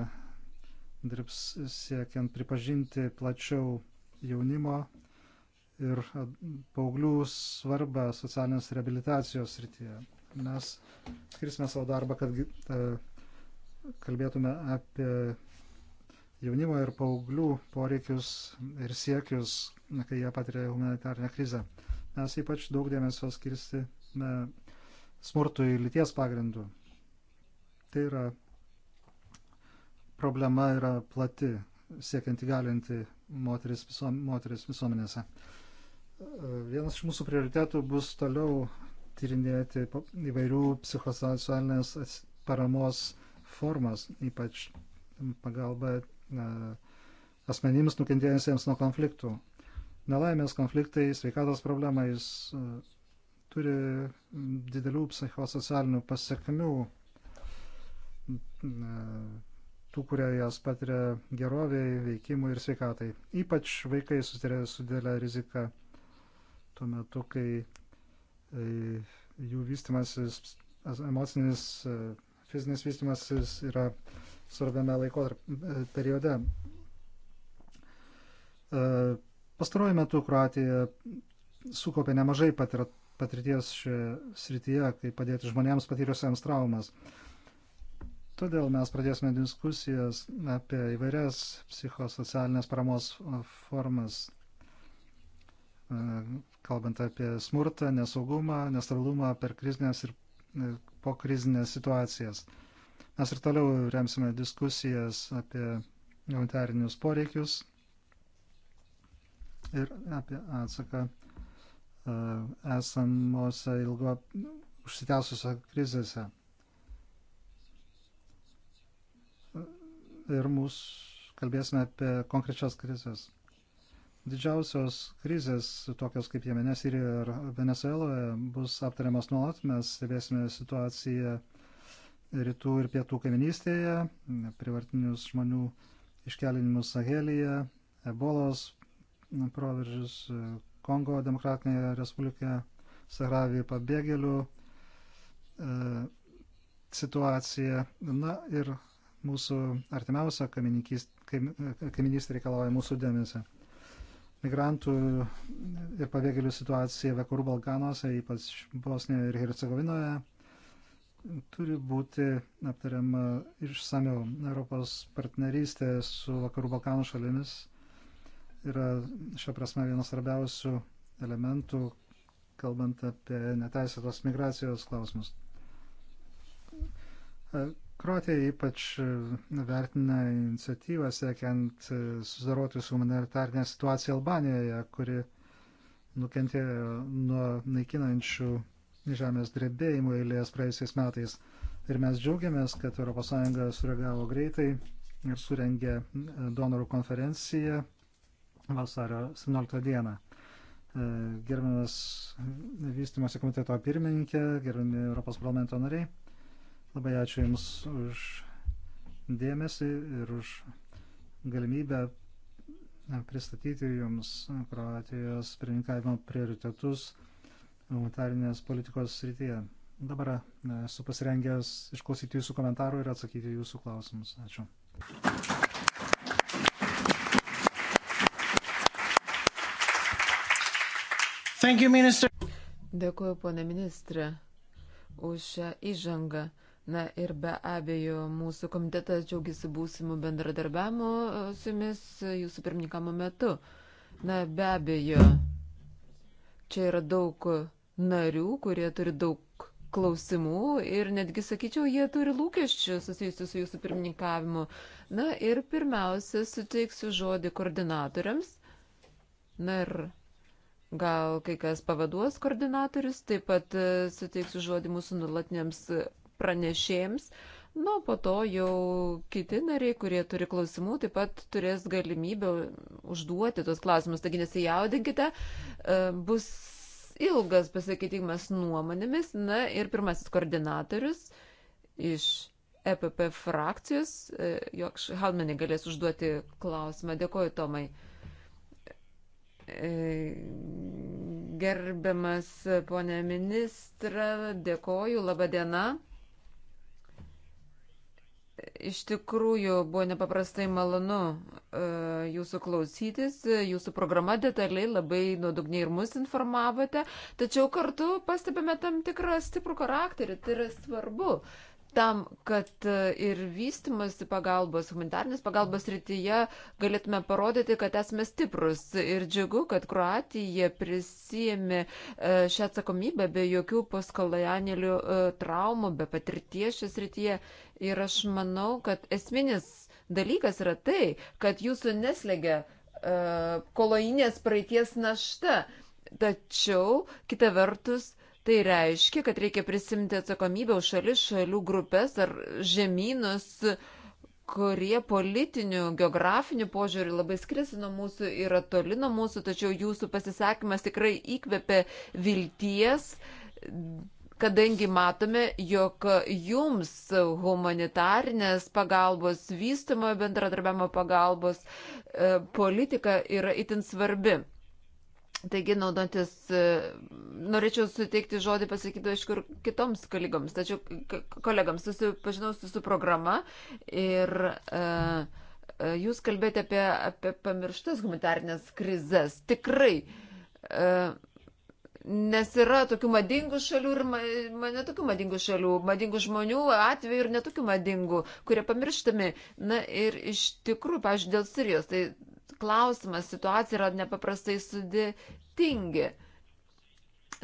dirbs siekiant pripažinti plačiau jaunimo ir paauglių svarbą socialinės rehabilitacijos srityje. Mes skirsime savo darbą, kad e, kalbėtume apie jaunimo ir paauglių poreikius ir siekius, kai jie patiria humanitarnę krizę. Mes ypač daug dėmesio skirsime smurtui lyties pagrindu. Tai yra problema yra plati, siekiant įgalinti moteris, viso, moteris visuomenėse. Vienas iš mūsų prioritetų bus toliau tyrinėti įvairių psichosocialinės paramos formas, ypač pagalba e, asmenims nukentėjusiems nuo konfliktų. Nelaimės konfliktai, sveikatos problemais e, turi didelių psichosocialinių pasiekmių. E, tų, kurie jas patiria geroviai, veikimui ir sveikatai. Ypač vaikai susiduria su didelė rizika tuo metu, kai e, jų vystimasis, emocinis, e, fizinis vystimasis yra svarbiame laiko e, periode. Pastaruoju metu Kroatija sukopė nemažai patirties šioje srityje, kaip padėti žmonėms patyrusiems traumas. Todėl mes pradėsime diskusijas apie įvairias psichosocialinės paramos formas, E, kalbant apie smurtą, nesaugumą, nestabilumą per krizinės ir e, po krizinės situacijas. Mes ir toliau remsime diskusijas apie humanitarinius poreikius ir apie atsaką e, esamose ilgo užsitęsusiose krizėse. Ir mūsų kalbėsime apie konkrečias krizės. Didžiausios krizės, tokios kaip Jemene, Sirijoje ir Venezueloje, bus aptariamas nuolat. Mes stebėsime situaciją rytų ir pietų kaiminystėje, privartinius žmonių iškelinimus Sahelyje, ebolos proveržius Kongo Demokratinėje Respublikoje, Sahravį pabėgėlių e, situaciją. Na ir mūsų artimiausia kaiminystė reikalauja mūsų dėmesio migrantų ir pabėgėlių situacija Vakarų Balkanuose, ypač Bosnijoje ir Hercegovinoje, turi būti aptariama išsamiau. Europos partnerystė su Vakarų Balkanų šalimis yra šia prasme vienas svarbiausių elementų, kalbant apie neteisėtos migracijos klausimus. Kroatija ypač e, vertina iniciatyvą siekiant e, susidaroti su humanitarnė situacija Albanijoje, kuri nukentėjo e, nuo naikinančių žemės drebėjimų eilės praėjusiais metais. Ir mes džiaugiamės, kad ES sureagavo greitai ir surengė donorų konferenciją vasario 17 dieną. Gerbiamas vystimosi komiteto pirmininkė, gerbiami Europos parlamento nariai. Labai ačiū Jums už dėmesį ir už galimybę pristatyti Jums Kroatijos pirmininkavimo prioritetus humanitarinės politikos srityje. Dabar esu pasirengęs išklausyti Jūsų komentarų ir atsakyti Jūsų klausimus. Ačiū. Thank you, Dėkuoju, ponė ministrė, už šią įžangą. Na ir be abejo, mūsų komitetas džiaugiasi būsimų bendradarbiavimo e, su jumis e, jūsų pirmininkamo metu. Na be abejo, čia yra daug narių, kurie turi daug klausimų ir netgi sakyčiau, jie turi lūkesčių susijusių su jūsų pirmininkavimu. Na ir pirmiausia, suteiksiu žodį koordinatoriams. Na ir gal kai kas pavaduos koordinatorius, taip pat e, suteiksiu žodį mūsų nulatiniams pranešėjams. Na, po to jau kiti nariai, kurie turi klausimų, taip pat turės galimybę užduoti tos klausimus. Taigi nesijaudinkite, e, bus ilgas pasikeitimas nuomonėmis. Na ir pirmasis koordinatorius iš EPP frakcijos, e, Jokš Halmenė galės užduoti klausimą. Dėkoju, Tomai. E, gerbiamas ponė ministra, dėkoju, laba diena. Iš tikrųjų buvo nepaprastai malonu uh, jūsų klausytis, jūsų programa detaliai labai nuodugniai ir mus informavote, tačiau kartu pastebėme tam tikrą stiprų charakterį, tai yra svarbu. Uh, tam, kad e, ir vystimas pagalbos, humanitarnės pagalbos rytyje galėtume parodyti, kad esame stiprus. Ir džiugu, kad Kroatija prisijėmė e, šią atsakomybę be jokių paskalajanėlių e, traumų, be patirties šios rytyje. Ir aš manau, kad esminis dalykas yra tai, kad jūsų neslegia kolonijinės praeities našta. Tačiau, kita vertus, Tai reiškia, kad reikia prisimti atsakomybę už šalis, šalių grupės ar žemynus, kurie politinių, geografinių požiūrių labai skiriasi nuo mūsų, yra toli nuo mūsų, tačiau jūsų pasisakymas tikrai įkvėpia vilties kadangi matome, jog jums humanitarnės pagalbos, vystumo bendradarbiavimo pagalbos e, politika yra itin svarbi. Taigi, naudotis, e, norėčiau suteikti žodį pasakyti, aišku, ir kitoms kolegoms, tačiau kolegams susipažinau su, su programa ir uh, jūs kalbėjote apie, apie pamirštas humanitarnės krizės. Tikrai. Uh, Nes yra tokių madingų šalių ir ma, ma, netokių madingų šalių, madingų žmonių atveju ir netokių madingų, kurie pamirštami. Na ir iš tikrųjų, pažiūrėjau, dėl Sirijos, tai klausimas, situacija yra nepaprastai sudėtingi.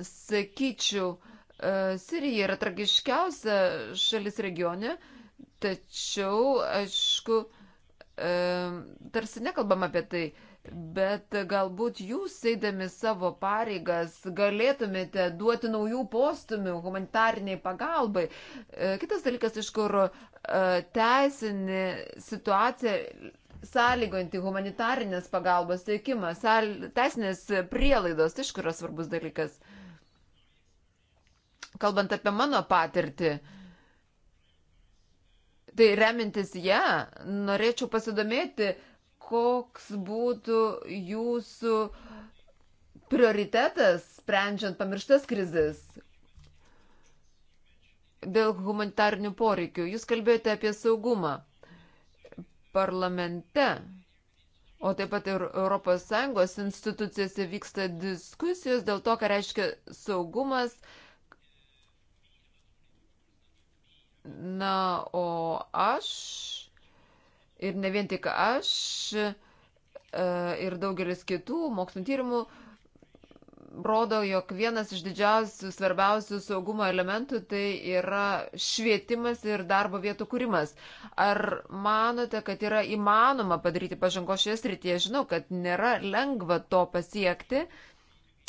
Sakyčiau, e, Sirija yra tragiškiausia šalis regione, tačiau, aišku, e, tarsi nekalbam apie tai, bet galbūt jūs, eidami savo pareigas, galėtumėte duoti naujų postumių humanitarniai pagalbai. E, kitas dalykas, iš kur teisinė situacija sąlygojanti humanitarinės pagalbos teikimą, sąl... teisinės prielaidos, tai iš kur yra svarbus dalykas. Kalbant apie mano patirtį, tai remintis ją, ja, norėčiau pasidomėti, koks būtų jūsų prioritetas sprendžiant pamirštas krizis, dėl humanitarnių poreikių. Jūs kalbėjote apie saugumą parlamente, o taip pat ir ES institucijose vyksta diskusijos dėl to, ką reiškia saugumas. Na, o aš ir ne vien tik aš e, ir daugelis kitų mokslinio tyrimų rodo, jog vienas iš didžiausių, svarbiausių saugumo elementų tai yra švietimas ir darbo vietų kūrimas. Ar manote, kad yra įmanoma padaryti pažango šioje srityje? Žinau, kad nėra lengva to pasiekti,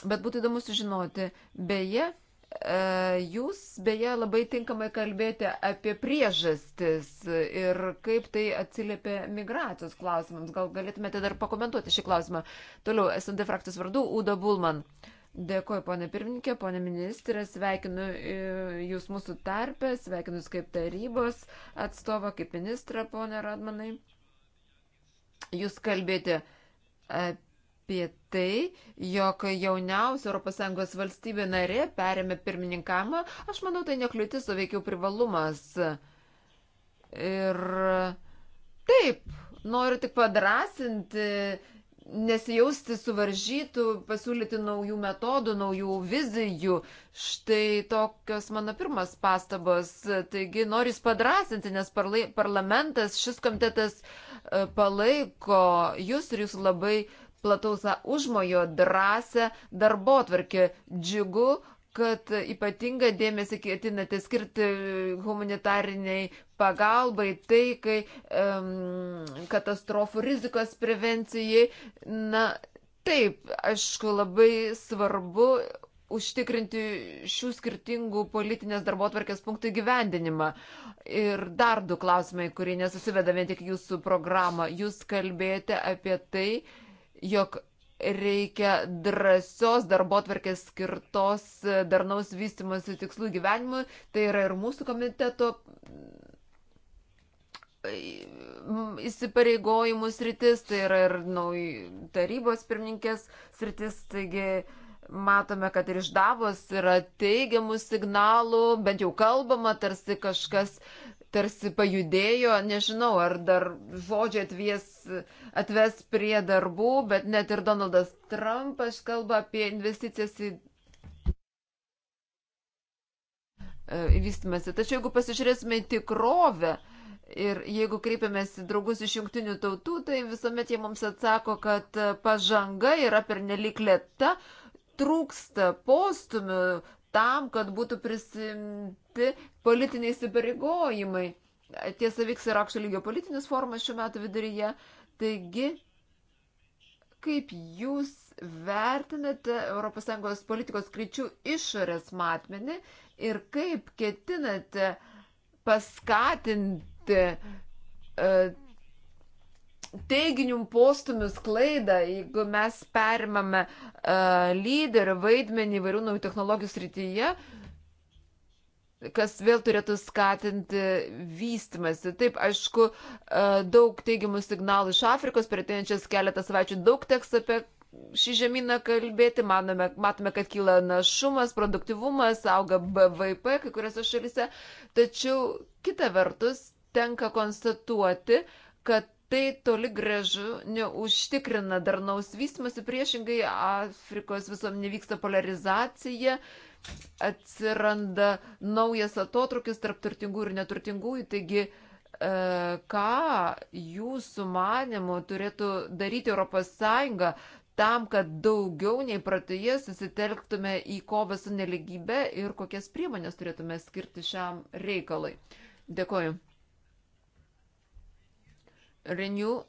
bet būtų įdomu sužinoti. Beje, E, jūs beje labai tinkamai kalbėjote apie priežastis ir kaip tai atsiliepia migracijos klausimams. Gal galėtumėte dar pakomentuoti šį klausimą. Toliau, SND frakcijos vardu, Uda Bulman. Dėkuoju, ponė pirmininkė, ponė ministrė, sveikinu e, Jūs mūsų tarpę, sveikinu Jūs kaip tarybos atstovą, kaip ministrą, ponė Radmanai. Jūs kalbėjote apie apie tai, jog jauniausia ES valstybė narė perėmė pirmininkamą, aš manau, tai nekliūtis, o veikiau privalumas. Ir taip, noriu tik padrasinti, nesijausti suvaržytų, pasiūlyti naujų metodų, naujų vizijų. Štai tokios mano pirmas pastabos. Taigi noriu jūs padrasinti, nes parla parlamentas, šis komitetas e, palaiko jūs ir jūs labai plataus užmojo drąsę darbo tvarkę. Džiugu, kad ypatinga dėmesį ketinate skirti humanitariniai pagalbai, taikai, um, katastrofų rizikos prevencijai. Na, taip, aišku, labai svarbu užtikrinti šių skirtingų politinės darbo atvarkės punktų įgyvendinimą. Ir dar du klausimai, kurie nesusiveda vien tik jūsų programą. Jūs kalbėjote apie tai, uh, jog reikia drąsios darbo tvarkės skirtos darnaus vystimosi tikslų gyvenimui. Tai yra ir mūsų komiteto mm, įsipareigojimų sritis, tai yra ir nauj, tarybos pirmininkės sritis. Taigi matome, kad ir iš Davos yra teigiamų signalų, bent jau kalbama, tarsi kažkas tarsi pajudėjo, nežinau, ar dar žodžiai atvies, atves prie darbų, bet net ir Donaldas Trumpas kalba apie investicijas į e, vystimasi. Tačiau jeigu pasižiūrėsime į tikrovę ir jeigu kreipiamės į draugus iš jungtinių tautų, tai visuomet jie mums atsako, kad pažanga yra pernelik lėta, trūksta postumių, tam, kad būtų prisimti politiniai įsipareigojimai. Tiesa, vyks ir aukšto lygio politinis formas šiuo metu viduryje. Taigi, kaip jūs vertinate ES politikos kryčių išorės matmenį ir kaip ketinate paskatinti e, teiginių postumių sklaidą, jeigu mes perimame uh, lyderio vaidmenį įvairių naujų technologijų srityje, kas vėl turėtų skatinti vystimasi. Taip, aišku, uh, daug teigiamų signalų iš Afrikos, per ateinančias keletą savaičių daug teks apie šį žemyną kalbėti, manome, matome, kad kyla našumas, produktivumas, auga BVP kai kuriuose šalyse, tačiau kita vertus tenka konstatuoti, kad tai toli gražu neužtikrina darnaus vystimosi, priešingai Afrikos visuomenė vyksta polarizacija, atsiranda naujas atotrukis tarp turtingų ir neturtingųjų, taigi e, ką jūsų manimo turėtų daryti ES tam, kad daugiau nei pratoje susitelktume į kovą su neligybė ir kokias priemonės turėtume skirti šiam reikalui. Dėkoju. Renew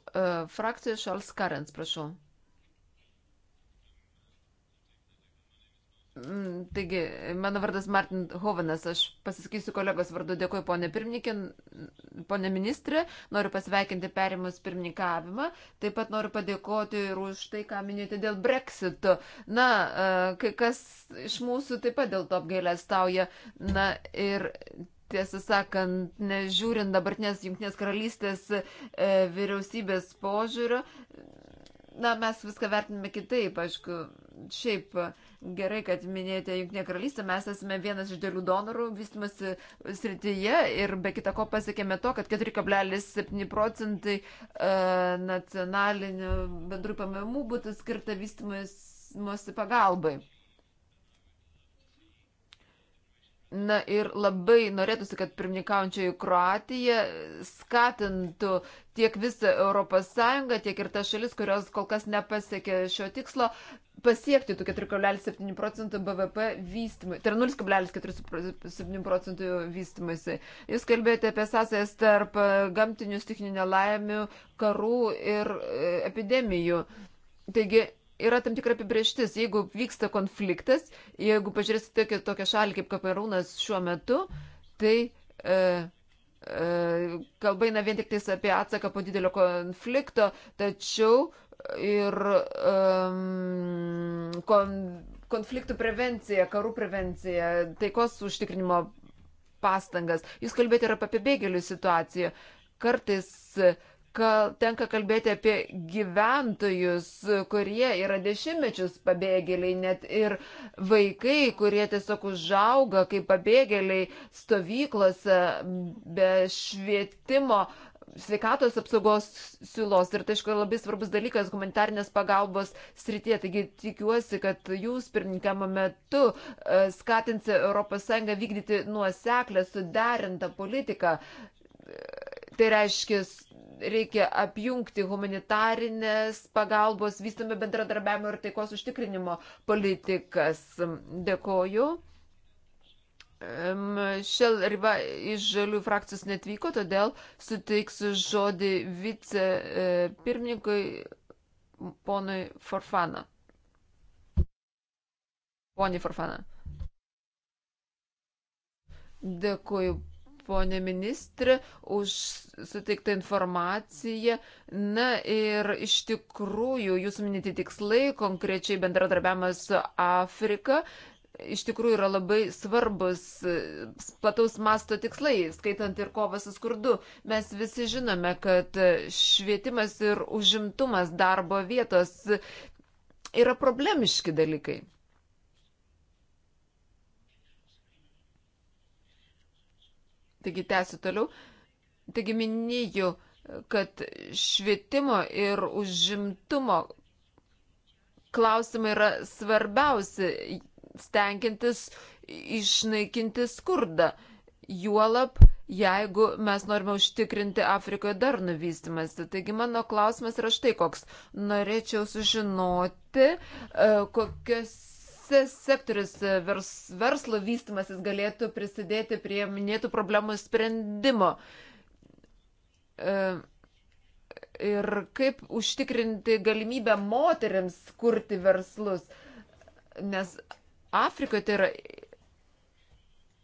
фракция Шарлз Каренц, prašau. Taigi, mano vardas Martin Hovenas, aš pasiskysiu kolegos vardu, dėkuoju ponė pirmininkė, ponė ministrė, noriu pasveikinti perimus pirmininkavimą, taip pat noriu padėkoti ir už tai, ką minėjote dėl breksito. Na, uh, kai kas iš mūsų taip pat dėl to apgailę stauja, na ir tiesą sakant, nežiūrint dabartinės Junktinės karalystės e, vyriausybės požiūrio, na, mes viską vertiname kitaip, aišku, šiaip gerai, kad minėjote Junktinę karalystę, mes esame vienas iš dėlių donorų vystimasi srityje ir be kita ko pasiekėme to, kad 4,7 procentai e, nacionalinių bendrų pamėmų būtų skirta vystimasi pagalbai. Na ir labai norėtųsi, kad pirmininkaujančioji Kroatija skatintų tiek visą ES, tiek ir tas šalis, kurios kol kas nepasiekė šio tikslo, pasiekti tų 4,7 procentų BVP vystymui. Tai yra 0,47 procentų vystymuisi. Jūs kalbėjote apie sąsajas tarp gamtinių stichinių nelaimių, karų ir e, epidemijų. Taigi yra tam tikra apibrieštis. Jeigu vyksta konfliktas, jeigu pažiūrėsite tokią, tokią šalį kaip Kaperūnas šiuo metu, tai e, e, kalba eina vien tik tais apie atsaką po didelio konflikto, tačiau ir um, kon, konfliktų prevencija, karų prevencija, taikos užtikrinimo pastangas. Jūs kalbėjote ir apie pabėgėlių situaciją. Kartais uh, kal, tenka kalbėti apie gyventojus, kurie yra dešimtmečius pabėgėliai, net ir vaikai, kurie tiesiog užauga kaip pabėgėliai stovyklose be švietimo. Sveikatos apsaugos siūlos ir tai, aišku, labai svarbus dalykas humanitarnės pagalbos srityje. Taigi tikiuosi, kad jūs pirmininkamo metu e, skatinsi ES vykdyti nuoseklę, suderintą politiką e, tai reiškia reikia apjungti humanitarinės pagalbos, vystome bendradarbiavimo ir taikos užtikrinimo politikas. Dėkoju. Šel riba iš žalių frakcijos netvyko, todėl suteiksiu žodį vice e, pirmininkui ponui Forfana. Poniai Forfana. Dėkuoju, ponė ministrė, už suteiktą informaciją. Na ir iš tikrųjų, jūsų minėti tikslai, konkrečiai bendradarbiavimas su Afrika, iš tikrųjų yra labai svarbus plataus masto tikslai, skaitant ir kovą su skurdu. Mes visi žinome, kad švietimas ir užimtumas darbo vietos yra problemiški dalykai. Taigi tęsiu toliau. Taigi minėjau, kad švietimo ir užimtumo klausimai yra svarbiausi, stengiantis išnaikinti skurdą. Juolab, jeigu mes norime užtikrinti Afrikoje dar nuvystimąsi. Taigi mano klausimas yra štai koks. Norėčiau sužinoti, e, kokias sektorius vers, verslo vystimasis galėtų prisidėti prie minėtų problemų sprendimo? E, ir kaip užtikrinti galimybę moteriams kurti verslus? Nes Afrikoje tai yra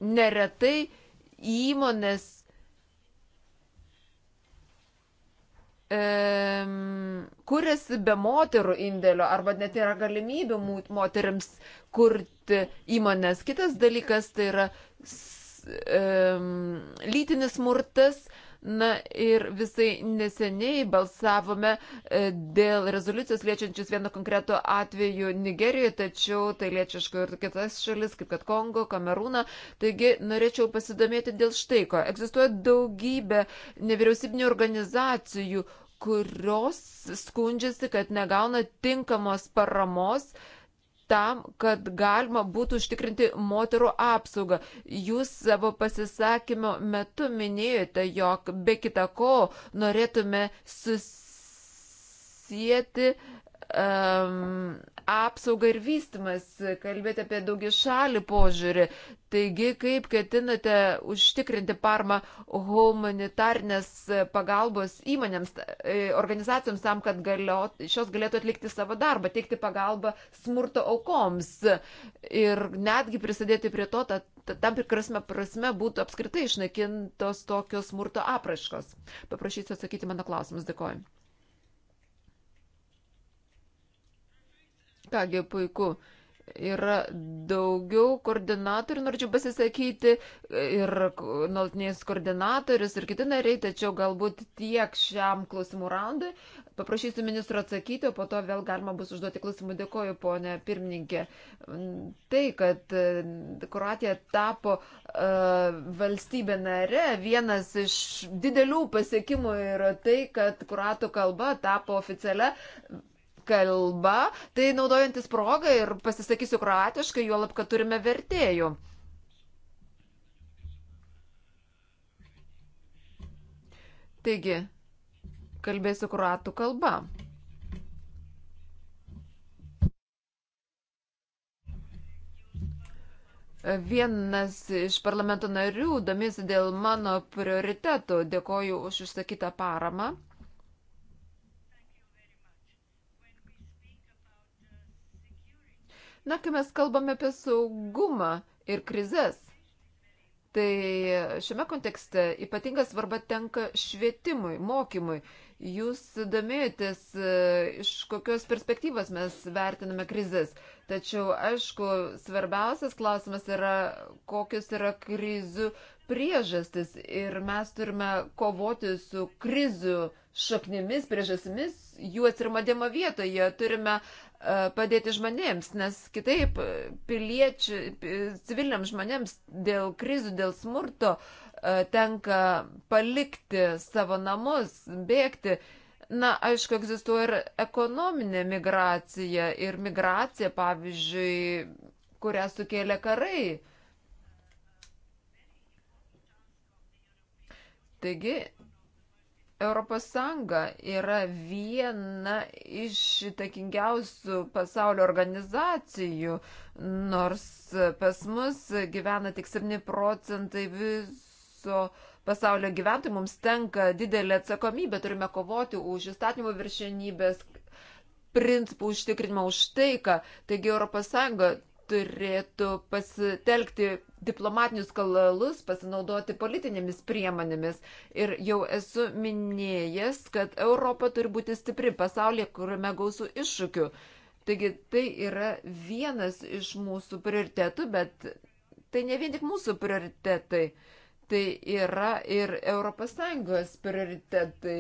neretai įmonės kuriasi be moterų indėlio arba net nėra galimybių moteriams kurti įmonės. Kitas dalykas tai yra um, lytinis smurtas, uh, Na ir visai neseniai balsavome e, dėl rezoliucijos liečiančius vieną konkretų atvejų Nigerijoje, tačiau tai liečia aišku ir kitas šalis, kaip kad Kongo, Kamerūną. Taigi norėčiau pasidomėti dėl štai ko. Egzistuoja daugybė nevyriausybinių organizacijų, kurios skundžiasi, kad negauna tinkamos paramos tam, kad galima būtų užtikrinti moterų apsaugą. Jūs savo pasisakymo metu minėjote, jog be kita ko norėtume susijęti um, apsaugą ir vystimas, kalbėti apie daugia šalį požiūrį. Taigi, kaip ketinate užtikrinti parmą humanitarnės pagalbos įmonėms, e, organizacijoms tam, kad galiot, šios galėtų atlikti savo darbą, teikti pagalbą smurto aukoms ir netgi prisidėti prie to, kad tam tikrasme prasme būtų apskritai išnaikintos tokios smurto apraškos. Paprašysiu atsakyti mano klausimus. Dėkuoju. Kągi, puiku. Yra daugiau koordinatorių, norėčiau pasisakyti, ir nuolatinės koordinatorius, ir kiti nariai, tačiau galbūt tiek šiam klausimų raundui. Paprašysiu ministro atsakyti, o po to vėl galima bus užduoti klausimų. Dėkoju, ponė pirmininkė. Tai, kad e, Kroatija tapo uh, valstybė nare, vienas iš didelių pasiekimų yra tai, kad kruatų kalba tapo oficialia kalba, tai naudojantis progą ir pasisakysiu kroatiškai, juolab, kad turime vertėjų. Taigi, kalbėsiu kroatų kalba. Vienas iš parlamento narių domisi dėl mano prioritetų. Dėkoju už išsakytą paramą. Na, kai mes kalbame apie saugumą ir krizės, tai šiame kontekste ypatinga svarba tenka švietimui, mokymui. Jūs domėjotės, e, iš kokios perspektyvos mes vertiname krizės. Tačiau, aišku, svarbiausias klausimas yra, kokios yra krizių priežastis. Ir mes turime kovoti su krizių šaknimis, priežastimis, jų atsirmadimo vietoje. Turime padėti žmonėms, nes kitaip e, piliečių, civiliniams žmonėms dėl krizių, dėl smurto e, tenka palikti savo namus, bėgti. Na, aišku, egzistuoja ir ekonominė migracija ir migracija, pavyzdžiui, kurią sukėlė karai. Taigi, Europos Sąjunga yra viena iš įtakingiausių pasaulio organizacijų, nors pas mus gyvena tik 7 procentai viso pasaulio gyventojų, mums tenka didelė atsakomybė, turime kovoti už įstatymų viršenybės principų užtikrinimą už taiką. Taigi ES turėtų pasitelkti diplomatinius kalalus, pasinaudoti politinėmis priemonėmis. Ir jau esu minėjęs, kad Europa turi būti stipri pasaulyje, kuriame gausų iššūkių. Taigi tai yra vienas iš mūsų prioritetų, bet tai ne vien tik mūsų prioritetai, tai yra ir ES prioritetai.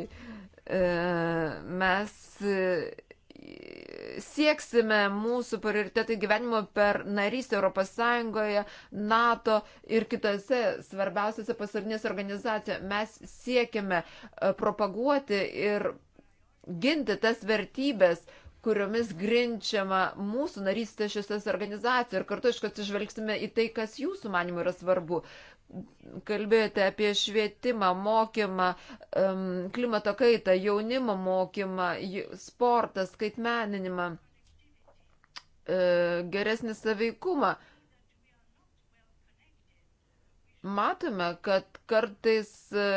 E, mes sieksime mūsų prioritetai gyvenimo per narystę Europos Sąjungoje, NATO ir kitose svarbiausiose pasaulinėse organizacijose. Mes siekime e, propaguoti ir ginti tas vertybės, kuriomis grinčiama mūsų narystė šiose organizacijose ir kartu iškart išvelgsime į tai, kas jūsų manimo yra svarbu kalbėjote apie švietimą, mokymą, klimato kaitą, jaunimo mokymą, sportą, skaitmeninimą, e, geresnį saveikumą. Matome, kad kartais e,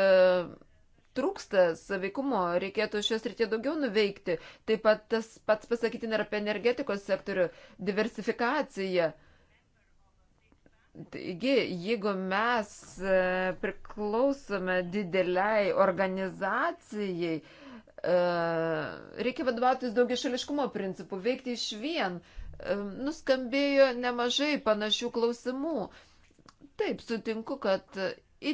trūksta saveikumo, reikėtų šios rytie daugiau nuveikti. Taip pat tas pats pasakyti ir apie energetikos sektorių diversifikaciją. Uh, Taigi, jeigu mes e, priklausome dideliai organizacijai, e, reikia vadovautis daugiašališkumo principu, veikti iš vien. E, nuskambėjo nemažai panašių klausimų. Taip, sutinku, kad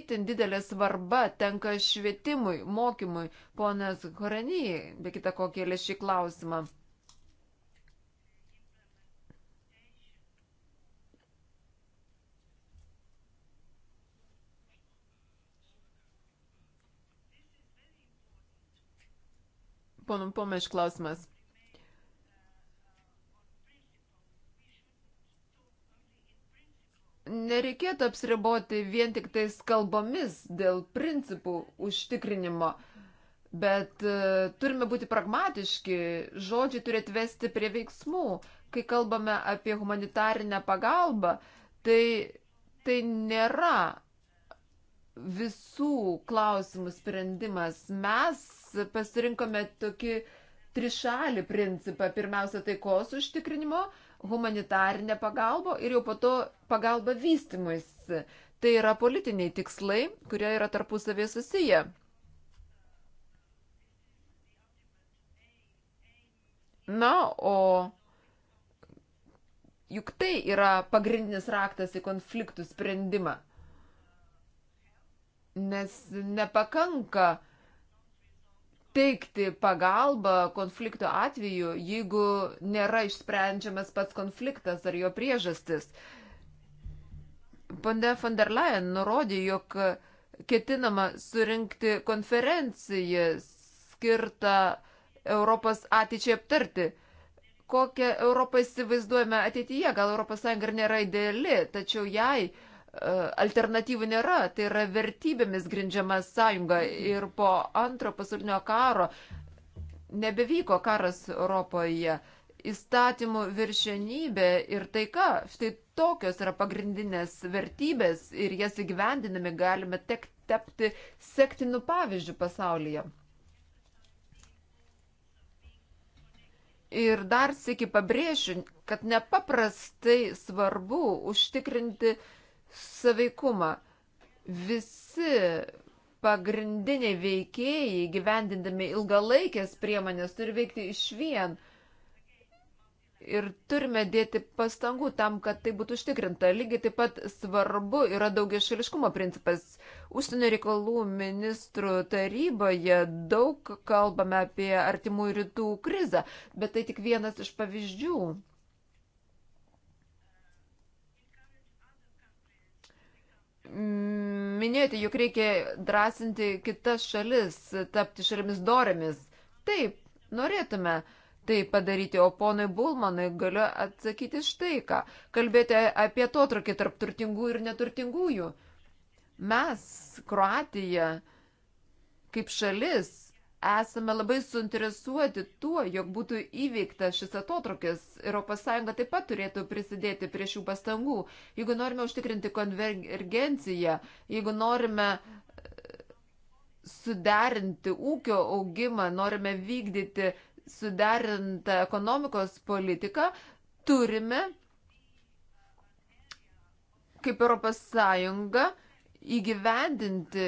itin didelė svarba tenka švietimui, mokymui. Ponas Horanijai, be kita kokie lėšį klausimą. ponų pomeš klausimas. Nereikėtų apsiriboti vien tik tais kalbomis dėl principų užtikrinimo. Bet uh, turime būti pragmatiški, žodžiai turi atvesti prie veiksmų. Kai kalbame apie humanitarinę pagalbą, tai, tai nėra visų klausimų sprendimas. Mes pasirinkome tokį trišalį principą. Pirmiausia, taikos užtikrinimo, humanitarinė pagalba ir jau po to pagalba vystimuisi. Tai yra politiniai tikslai, kurie yra tarpusavėje susiję. Na, o juk tai yra pagrindinis raktas į konfliktų sprendimą. Nes nepakanka teikti pagalbą konflikto atveju, jeigu nėra išsprendžiamas pats konfliktas ar jo priežastis. Pande von der Leyen nurodė, jog ketinama surinkti konferenciją skirtą Europos ateičiai aptarti. Kokią Europą įsivaizduojame ateityje, gal ES ir nėra ideali, tačiau jai uh, alternatyvų nėra, tai yra vertybėmis grindžiama sąjunga ir po antro pasaulinio karo nebevyko karas Europoje. Įstatymų viršenybė ir taika, štai tokios yra pagrindinės vertybės ir jas įgyvendinami galime tek tapti sektinų pavyzdžių pasaulyje. Ir dar sėki pabrėžiu, kad nepaprastai svarbu užtikrinti uh, saveikumą. Visi pagrindiniai veikėjai, gyvendindami ilgalaikės priemonės, turi veikti iš vien. Ir turime dėti pastangų tam, kad tai būtų užtikrinta. Lygiai taip pat svarbu yra daugiašališkumo principas. Užsienio reikalų ministrų taryboje daug kalbame apie artimų rytų krizę, bet tai tik vienas iš pavyzdžių. minėjote, jog reikia drąsinti kitas šalis, tapti šalimis dorėmis. Taip, norėtume tai padaryti, o ponui Bulmanui galiu atsakyti štai ką. Kalbėti apie to trukį tarp turtingų ir neturtingųjų. Mes, Kroatija, kaip šalis, esame labai suinteresuoti tuo, jog būtų įveiktas šis atotrukis. ES taip pat turėtų prisidėti prie šių pastangų. Jeigu norime užtikrinti konvergenciją, jeigu norime e, suderinti ūkio augimą, norime vykdyti suderintą ekonomikos politiką, turime kaip ES įgyvendinti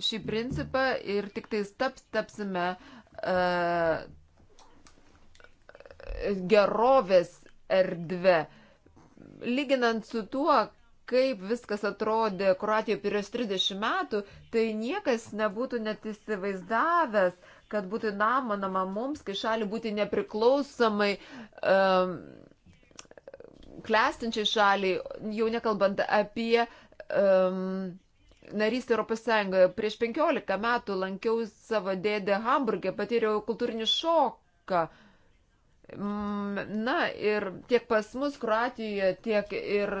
šį principą ir tik tais taps, tapsime uh, gerovės erdvė. Lyginant su tuo, kaip viskas atrodė Kroatijoje prieš 30 metų, tai niekas nebūtų net įsivaizdavęs, kad būtų namanama mums, kai šalį būti nepriklausomai. Um, klestinčiai šaliai, jau nekalbant apie um, narystė Europos Sąjungoje. Prieš 15 metų lankiau savo dėdę Hamburgė, patyriau kultūrinį šoką. Mm, na ir tiek pas mus Kroatijoje, tiek ir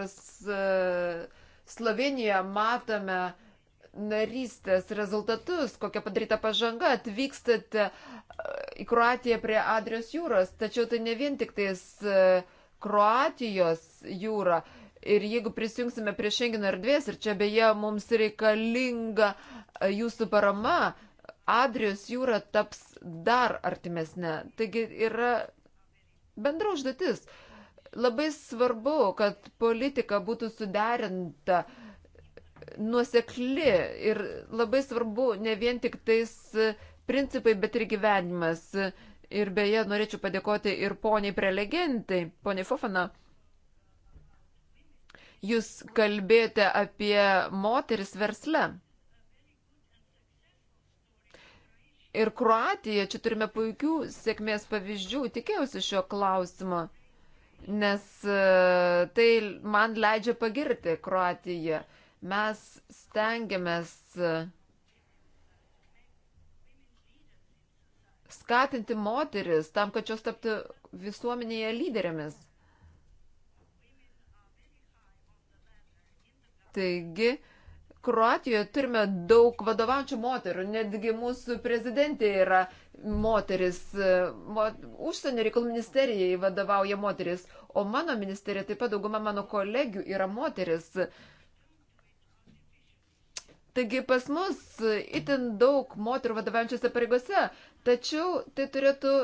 Slovenijoje matome narystės rezultatus, kokia padaryta pažanga, atvykstate e, į Kroatiją prie Adrios jūros, tačiau tai ne vien tik tais e, Kroatijos jūra. Ir jeigu prisijungsime prie Schengeno erdvės, ir čia beje mums reikalinga e, jūsų parama, Adrijos jūra taps dar artimesnė. Taigi yra bendra užduotis. Labai svarbu, kad politika būtų suderinta, nuosekli ir labai svarbu ne vien tik tais e, principai, bet ir gyvenimas. Ir beje, norėčiau padėkoti ir poniai prelegentai, poniai Fofana. Jūs kalbėjote apie moteris versle. Ir Kroatija, čia turime puikių sėkmės pavyzdžių, tikėjausi šio klausimo, nes e, tai man leidžia pagirti Kroatiją. Mes stengiamės e, skatinti moteris tam, kad jos taptų visuomenėje lyderėmis. Taigi, Kroatijoje turime daug vadovančių moterų, netgi mūsų prezidentė yra moteris, e, mo, užsienio reikalų ministerijai vadovauja moteris, o mano ministerija taip pat dauguma mano kolegių yra moteris. Taigi pas mus itin daug moterų vadovaujančiose pareigose, tačiau tai turėtų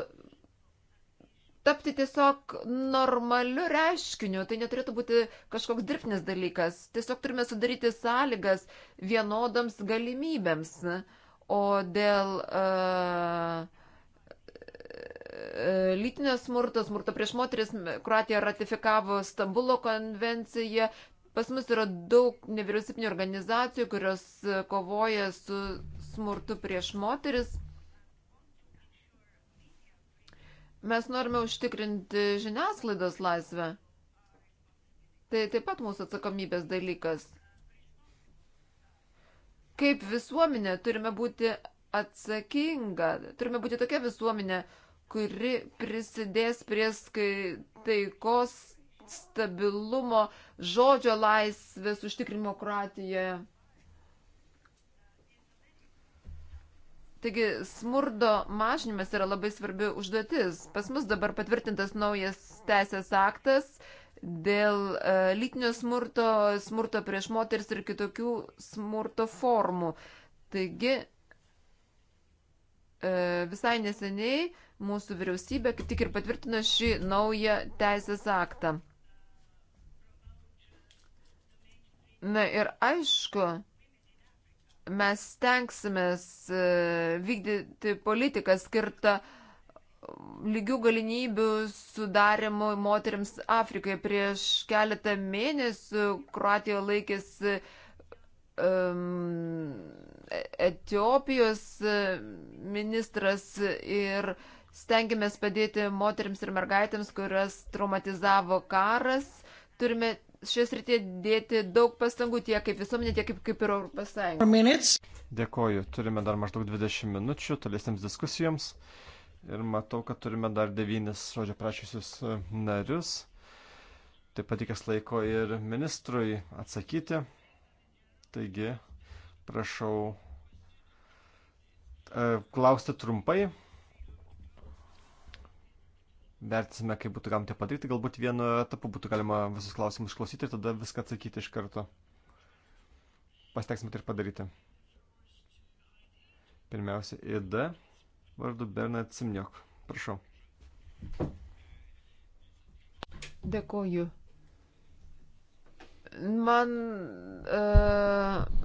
tapti tiesiog normaliu reiškiniu. Tai neturėtų būti kažkoks dirbtinis dalykas. Tiesiog turime sudaryti sąlygas vienodams galimybėms. O dėl uh, e, e, lytinio smurto, smurto prieš moteris, Kroatija ratifikavo Stambulo konvenciją. Pas mus yra daug nevyriausybinio organizacijų, kurios kovoja su smurtu prieš moteris. Mes norime užtikrinti žiniasklaidos laisvę. Tai taip pat mūsų atsakomybės dalykas. Kaip visuomenė turime būti atsakinga, turime būti tokia visuomenė, kuri prisidės prie taikos, stabilumo, žodžio laisvės užtikrimo Kroatijoje. Taigi smurdo mažinimas yra labai svarbi užduotis. Pas mus dabar patvirtintas naujas teisės aktas dėl e, lytinio smurto, smurto prieš moteris ir kitokių smurto formų. Taigi e, visai neseniai mūsų vyriausybė kaip tik ir patvirtino šį naują teisės aktą. Na ir aišku, Mes tenksimės e, vykdyti politiką skirtą lygių galimybių sudarimo moteriams Afrikai. Prieš keletą mėnesių Kroatijoje laikėsi um, Etiopijos e, ministras ir stengiamės padėti moteriams ir mergaitėms, kurias traumatizavo karas. Turime šios rytie dėti daug pastangų tiek kaip visuomenė, tiek kaip, kaip ir Europos Sąjunga. Dėkoju. Turime dar maždaug 20 minučių tolesnėms diskusijoms. Ir matau, kad turime dar devynis žodžio prašysius e, narius. Taip pat reikės laiko ir ministrui atsakyti. Taigi, prašau e, klausti trumpai vertinsime, kaip būtų galima tai padaryti. Galbūt vienu etapu būtų galima visus klausimus išklausyti ir tada viską atsakyti iš karto. Pasteksime tai ir padaryti. Pirmiausia, ID vardu Bernard Simniok. Prašau. Dėkoju. Man. Uh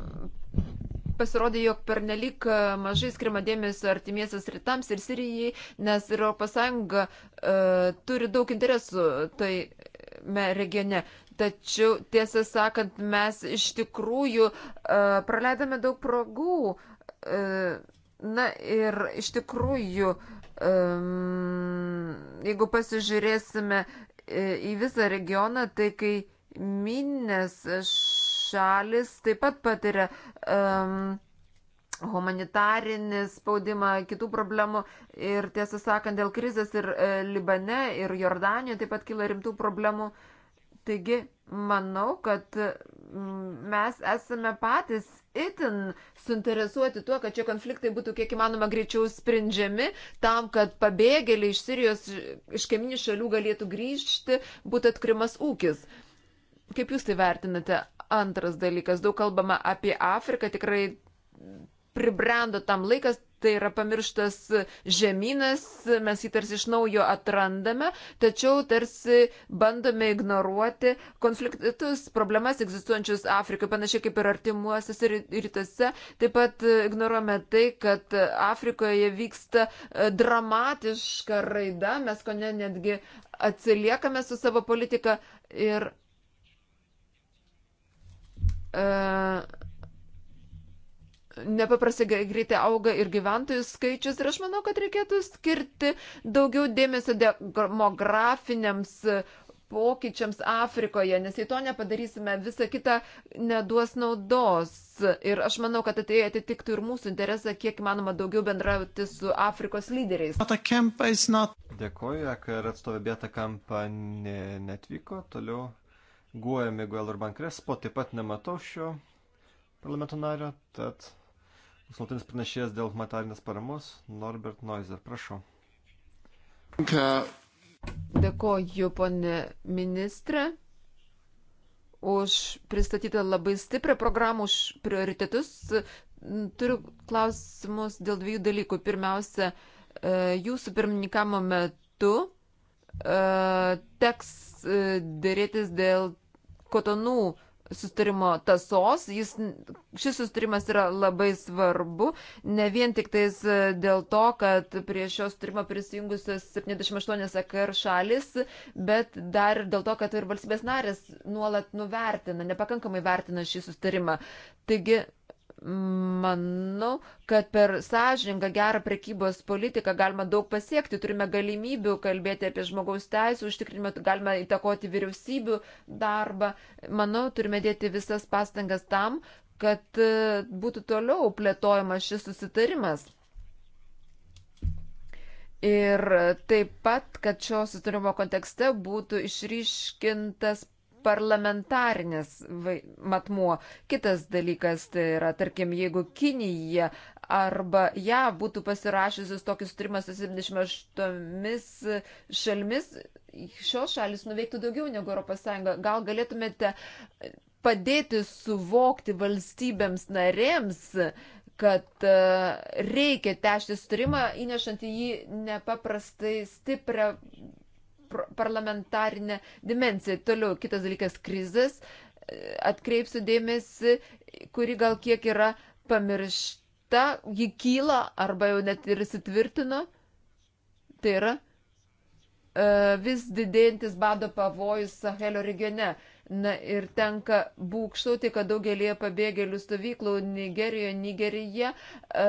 pasirodė, jog pernelik e, mažai skirima dėmesio artimiesias rytams ir Sirijai, nes ES e, turi daug interesų tame regione. Tačiau, tiesą sakant, mes iš tikrųjų e, praleidame daug progų. E, na ir iš tikrųjų, e, jeigu pasižiūrėsime e, į visą regioną, tai kai minės aš šalis taip pat patiria um, humanitarinį spaudimą, kitų problemų ir tiesą sakant, dėl krizės ir e, Libane, ir Jordanijoje taip pat kyla rimtų problemų. Taigi, manau, kad mes esame patys itin suinteresuoti tuo, kad šie konfliktai būtų kiek įmanoma greičiau sprendžiami, tam, kad pabėgėliai iš Sirijos, iš kaiminių šalių galėtų grįžti, būtų atkrimas ūkis. Kaip Jūs tai vertinate? Antras dalykas, daug kalbama apie Afriką, tikrai pribrendo tam laikas, tai yra pamirštas žemynas, mes jį tarsi iš naujo atrandame, tačiau tarsi bandome ignoruoti konfliktus, problemas egzistuojančius Afrikoje, panašiai kaip ir artimuosius rytuose. Taip pat ignoruojame tai, kad Afrikoje vyksta e, dramatiška raida, mes ko ne netgi atsiliekame su savo politika ir E, nepaprastai greitai auga ir gyventojų skaičius ir aš manau, kad reikėtų skirti daugiau dėmesio demografiniams pokyčiams Afrikoje, nes jei to nepadarysime, visa kita neduos naudos. Ir aš manau, kad tai atitiktų ir mūsų interesą, kiek manoma daugiau bendrauti su Afrikos lyderiais. Not... Dėkuoju, kad atstovė Bieta Kampa ne, netvyko. Toliau Guoja Miguel Urban Crespo, taip pat nematau šio parlamento nario, tad nuslatinis pranešėjas dėl humanitarinės paramos Norbert Noizer. Prašau. Dėkoju, ponė ministrė, už pristatytą labai stiprią programą, už prioritetus. Turiu klausimus dėl dviejų dalykų. Pirmiausia, e, jūsų pirmininkamo metu e, teks e, dėrėtis dėl kotonų sustarimo tasos. Jis, šis sustarimas yra labai svarbu, ne vien tik tais e, dėl to, kad prie šio sustarimo prisijungusios 78 AKR šalis, bet dar ir dėl to, kad ir valstybės narės nuolat nuvertina, nepakankamai vertina šį sustarimą. Taigi manau, kad per sąžininką gerą prekybos politiką galima daug pasiekti, turime galimybių kalbėti apie žmogaus teisų užtikrinimą, galime įtakoti vyriausybių darbą. Manau, turime dėti visas pastangas tam, kad e, būtų toliau plėtojamas šis susitarimas. Ir taip pat, kad šio sutarimo kontekste būtų išryškintas parlamentarinis matmuo. Kitas dalykas tai yra, tarkim, jeigu Kinija arba ją ja, būtų pasirašysius tokį sutrimą su 78 šalimis, šios šalis nuveiktų daugiau negu ES. Gal galėtumėte padėti suvokti valstybėms narėms, kad e, reikia tęsti sutrimą, įnešant į jį nepaprastai stiprią parlamentarinę dimenciją. Toliau kitas dalykas - krizės. E, atkreipsiu dėmesį, kuri gal kiek yra pamiršta, ji kyla arba jau net ir įsitvirtino. Tai yra e, vis didėjantis bado pavojus Sahelio regione. Na ir tenka būkštauti, kad daugelie pabėgėlių stovyklų Nigerijoje, Nigerija, e,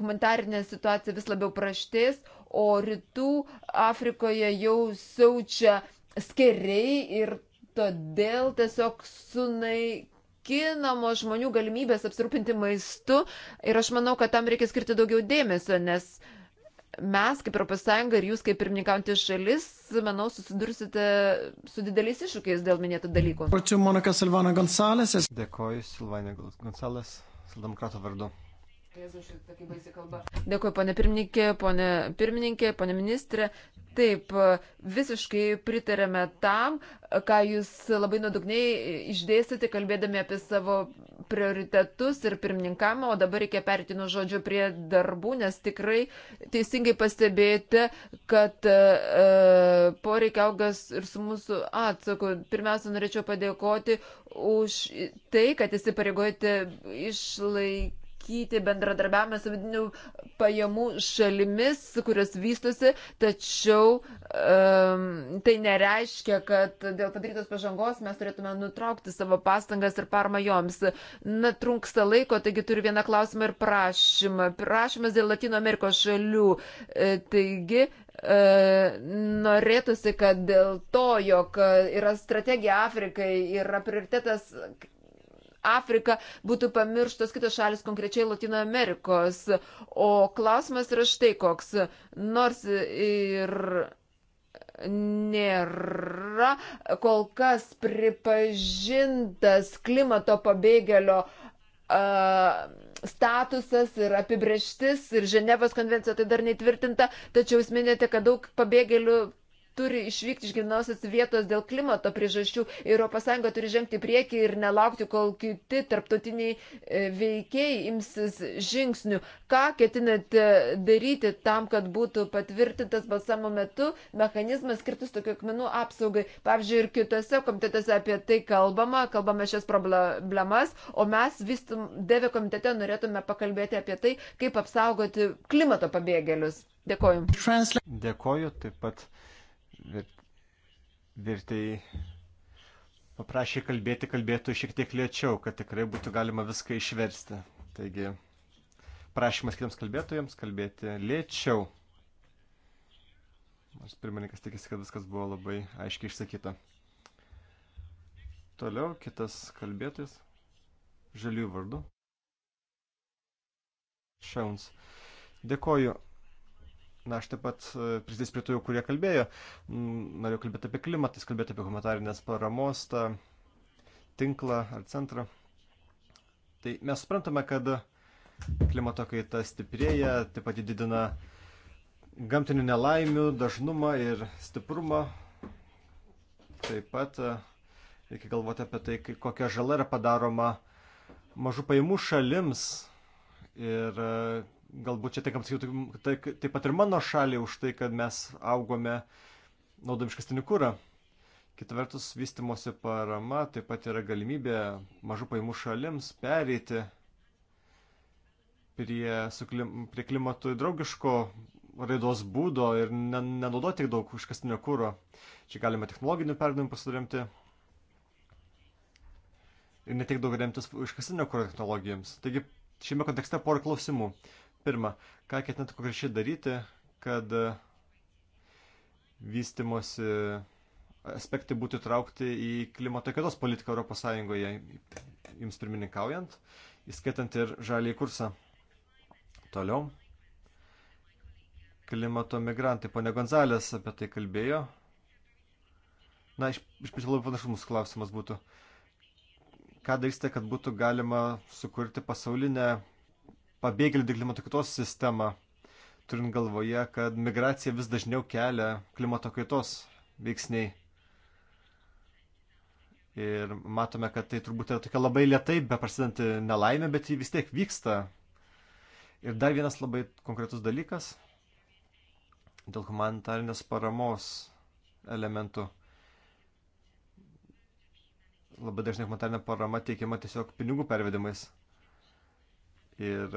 humanitarinė situacija vis labiau praštės, o rytų Afrikoje jau siaučia skeriai ir todėl tiesiog sunaikinamos žmonių galimybės apsirūpinti maistu ir aš manau, kad tam reikia skirti daugiau dėmesio, nes mes kaip Europos Sąjunga ir jūs kaip pirmininkaujantį šalis, manau, susidursite su dideliais iššūkiais dėl minėtų dalykų. Ačiū Monika Silvana Gonsalės. Dėkoju Silvana Gonsalės, Saldemokrato vardu. Dėkuoju, ponė pirmininkė, ponė pirmininkė, ponė ministrė. Taip, visiškai pritarėme tam, ką jūs labai nuodugniai išdėstėte, kalbėdami apie savo prioritetus ir pirmininkamą, o dabar reikia perti nuo žodžio prie darbų, nes tikrai teisingai pastebėjote, kad e, poreikia augas ir su mūsų atsaku. Pirmiausia, norėčiau padėkoti už tai, kad įsipareigojate išlaikyti palaikyti bendradarbiavimą su vidinių pajamų šalimis, kurios vystosi, tačiau um, tai nereiškia, kad dėl padarytos pažangos mes turėtume nutraukti savo pastangas ir parmą joms. Na, trunksta laiko, taigi turiu vieną klausimą ir prašymą. Prašymas dėl Latino Amerikos šalių. E, taigi, E, norėtųsi, kad dėl to, jog yra strategija Afrikai, yra prioritetas Afrika, būtų pamirštos kitos šalis, konkrečiai Latino Amerikos. O klausimas yra štai koks. Nors ir nėra kol kas pripažintas klimato pabėgėlio uh, statusas ir apibrieštis ir Ženevos konvencija tai dar neįtvirtinta, tačiau jūs minėjote, kad daug pabėgėlių turi išvykti iš gimnosios vietos dėl klimato priežasčių. ES turi žengti priekį ir nelaukti, kol kiti tarptautiniai e, veikėjai imsis žingsnių. Ką ketinate daryti tam, kad būtų patvirtintas balsamo metu mechanizmas skirtas tokių akmenų apsaugai? Pavyzdžiui, ir kitose komitetuose apie tai kalbama, kalbame šias problemas, o mes vis devė komitete norėtume pakalbėti apie tai, kaip apsaugoti klimato pabėgėlius. Dėkoju. Dėkoju taip pat vertėjai paprašė kalbėti, kalbėtų šiek tiek lėčiau, kad tikrai būtų galima viską išversti. Taigi, prašymas kitiems kalbėtojams kalbėti lėčiau. Nors pirmininkas tikisi, kad viskas buvo labai aiškiai išsakyta. Toliau kitas kalbėtojas. Žalių vardu. Šauns. Dėkoju. Na, aš taip pat e, prisidės prie tų, kurie kalbėjo. Norėjau kalbėti apie klimatą, kalbėti apie humanitarinės paramos tą tinklą ar centrą. Tai mes suprantame, kad klimato kaita stiprėja, taip pat didina gamtinių nelaimių dažnumą ir stiprumą. Taip pat e, reikia galvoti apie tai, kokia žala yra padaroma mažų pajamų šalims ir e, galbūt čia tinkam sakyti, tai, tai taip pat ir mano šaliai už tai, kad mes augome naudodami iškastinį kūrą. Kita vertus, vystimosi parama taip pat yra galimybė mažų paimų šalims pereiti prie, klim, prie klimatui draugiško raidos būdo ir nenaudoti tiek daug iškastinio kūro. Čia galima technologinių perdavimų pasiremti ir netiek daug remtis iškastinio kūro technologijoms. Taigi šiame kontekste porą klausimų. Pirma, ką ketinate konkrečiai daryti, kad vystimosi aspektai būtų traukti į klimato kaitos politiką ES, jums pirmininkaujant, įskaitant ir žalį kursą. Toliau. Klimato migrantai. Pone Gonzalės apie tai kalbėjo. Na, iš, iš pačių labai panašumus klausimas būtų. Ką darysite, kad būtų galima sukurti pasaulinę pabėgėlių dėl klimato kaitos sistemą, turint galvoje, kad migracija vis dažniau kelia klimato kaitos veiksniai. Ir matome, kad tai turbūt yra tokia labai lietai, be prasidanti nelaimė, bet ji vis tiek vyksta. Ir dar vienas labai konkretus dalykas dėl humanitarinės paramos elementų. Labai dažnai humanitarinė parama teikiama tiesiog pinigų pervedimais. Ir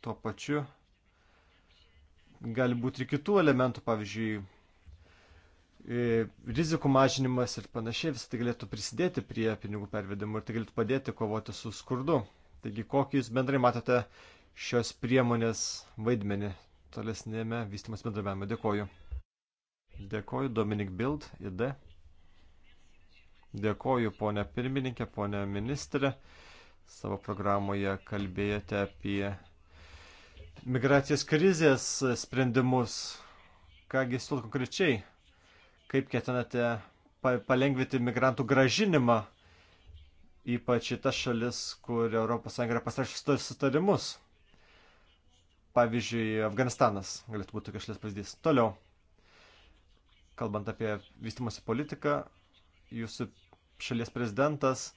tuo pačiu gali būti ir kitų elementų, pavyzdžiui, e, rizikų mažinimas ir panašiai, visą tai galėtų prisidėti prie pinigų pervedimų ir tai galėtų padėti kovoti su skurdu. Taigi, kokį jūs bendrai matote šios priemonės vaidmenį tolesnėme vystimas bendrabiavime? Dėkoju. Dėkoju, Dominik Bild, ID. Dėkoju, ponė pirmininkė, ponė ministrė savo programoje kalbėjote apie migracijos krizės sprendimus. Kągi siūlot konkrečiai, kaip ketinate palengvinti migrantų gražinimą, ypač į tas šalis, kur ES yra pasirašęs sutarimus. Pavyzdžiui, Afganistanas galėtų būti tokia šalis pavyzdys. Toliau, kalbant apie vystimosi politiką, jūsų šalies prezidentas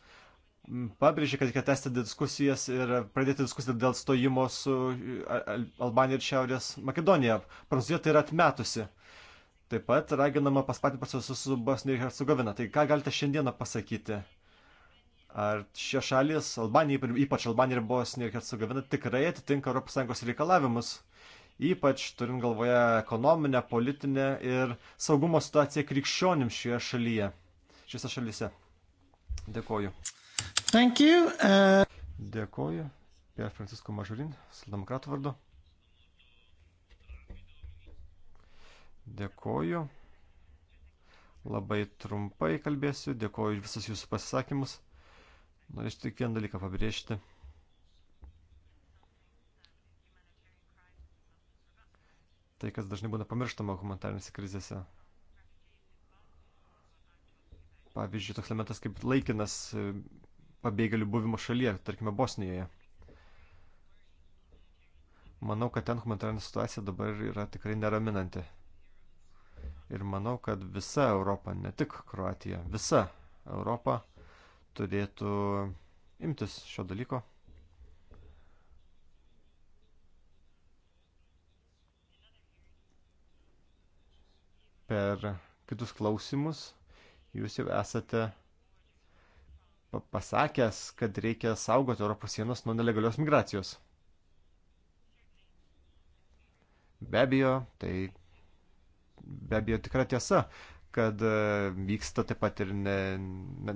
pabrėžė, kad reikia tęsti diskusijas ir pradėti diskusiją dėl stojimo su Albanija ir Šiaurės Makedonija. Prancūzija tai yra atmetusi. Taip pat raginama paspatinti procesus su Bosnija ir Hercegovina. Tai ką galite šiandieną pasakyti? Ar šie šalis, Albanija, ypač Albanija ir Bosnija ir Hercegovina, tikrai atitinka ES reikalavimus? Ypač turint galvoje ekonominę, politinę ir saugumo situaciją krikščionim šioje šalyje, šiose šalyse. Dėkoju. Thank you. Uh... Dėkoju. Per Francisco Mažurin, Saldemokratų vardu. Dėkoju. Labai trumpai kalbėsiu. Dėkoju visus jūsų pasisakymus. Norėčiau tik vieną dalyką pabrėžti. Tai, kas dažnai būna pamirštama humanitarinėse krizėse. Pavyzdžiui, toks elementas kaip laikinas pabėgėlių buvimo šalyje, tarkime Bosnijoje. Manau, kad ten humanitarinė situacija dabar yra tikrai neraminanti. Ir manau, kad visa Europa, ne tik Kroatija, visa Europa turėtų imtis šio dalyko. Per kitus klausimus jūs jau esate pasakęs, kad reikia saugoti Europos sienas nuo nelegalios migracijos. Be abejo, tai be abejo tikra tiesa, kad e, vyksta taip pat ir ne,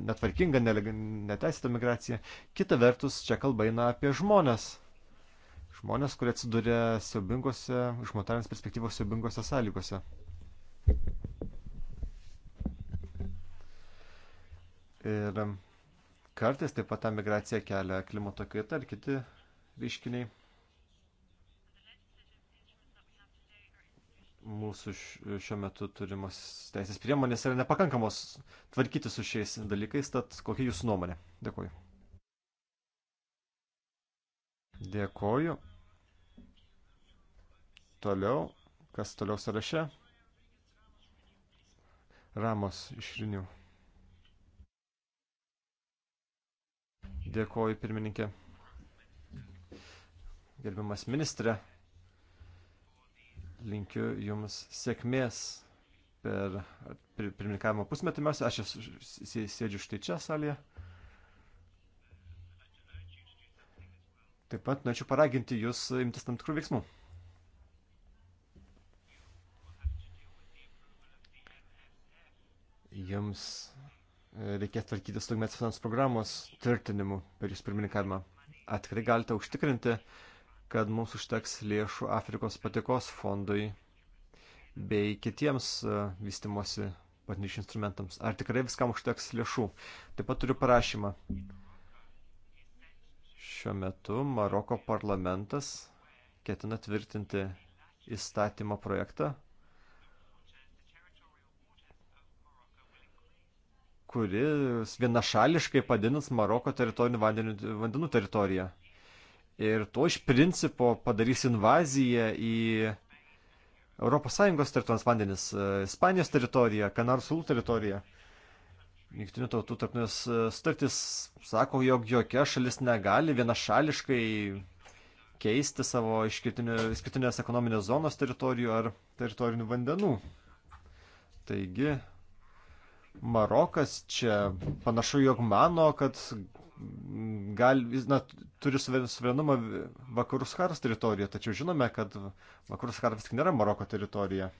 netvarkinga, neteisėta migracija. Kita vertus, čia kalba eina apie žmonės. Žmonės, kurie atsiduria siaubingose, iš motarinės perspektyvos siaubingose sąlygose. Ir Kartais taip pat tą migraciją kelia klimato kaita ir kiti reiškiniai. Mūsų šiuo metu turimos teisės priemonės yra nepakankamos tvarkyti su šiais dalykais, tad kokia jūsų nuomonė? Dėkuoju. Dėkuoju. Toliau, kas toliau sąraše? Ramos iš Rinių. Dėkoju, pirmininkė. Gerbiamas ministrė, linkiu Jums sėkmės per pirmininkavimo pusmetį. Mes, aš sėdžiu štai čia salėje. Taip pat norėčiau paraginti Jūs imtis tam tikrų veiksmų. Jums reikės tvarkyti su daugmės finansų programos tvirtinimu per jūsų pirmininkavimą. Atkirai galite užtikrinti, kad mums užteks lėšų Afrikos patikos fondui bei kitiems vystimosi partnerysčių instrumentams. Ar tikrai viskam užteks lėšų? Taip pat turiu parašymą. Šiuo metu Maroko parlamentas ketina tvirtinti įstatymo projektą, kuris vienašališkai padidins Maroko teritorinių vandenų, vandenų teritoriją. Ir to iš principo padarys invaziją į ES teritorinius vandenis, e, Ispanijos teritoriją, Kanarų salų teritoriją. Jungtinių tautų tarpinės e, sutartys sako, jog jokia šalis negali vienašališkai keisti savo išskirtinės ekonominės zonos teritorijų ar teritorinių vandenų. Taigi, Marokas čia panašu, jog mano, kad gal, na, turi suverenumą Vakarų Saharos teritoriją, tačiau žinome, kad Vakarų Saharas tik nėra Maroko teritorija.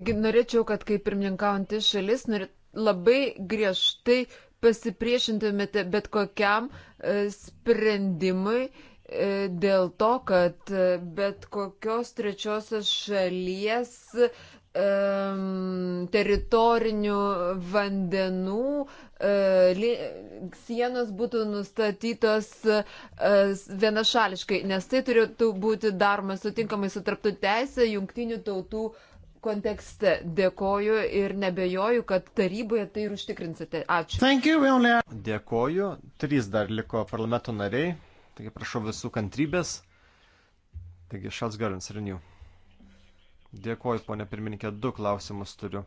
Norėčiau, kad kaip pirmininkaujantis šalis norė... labai griežtai pasipriešintumėte bet kokiam e, sprendimui e, dėl to, kad e, bet kokios trečiosios šalies teritorinių vandenų e, sienos būtų nustatytos e, vienašališkai, nes tai turėtų būti daroma sutinkamai su tarptų teisė jungtinių tautų kontekste. Dėkoju ir nebejoju, kad taryboje tai ir užtikrinsite. Ačiū. Dėkoju. Trys dar liko parlamento nariai. Taigi prašau visų kantrybės. Taigi Šals Garins Renew. Dėkuoju, ponė pirmininkė, du klausimus turiu.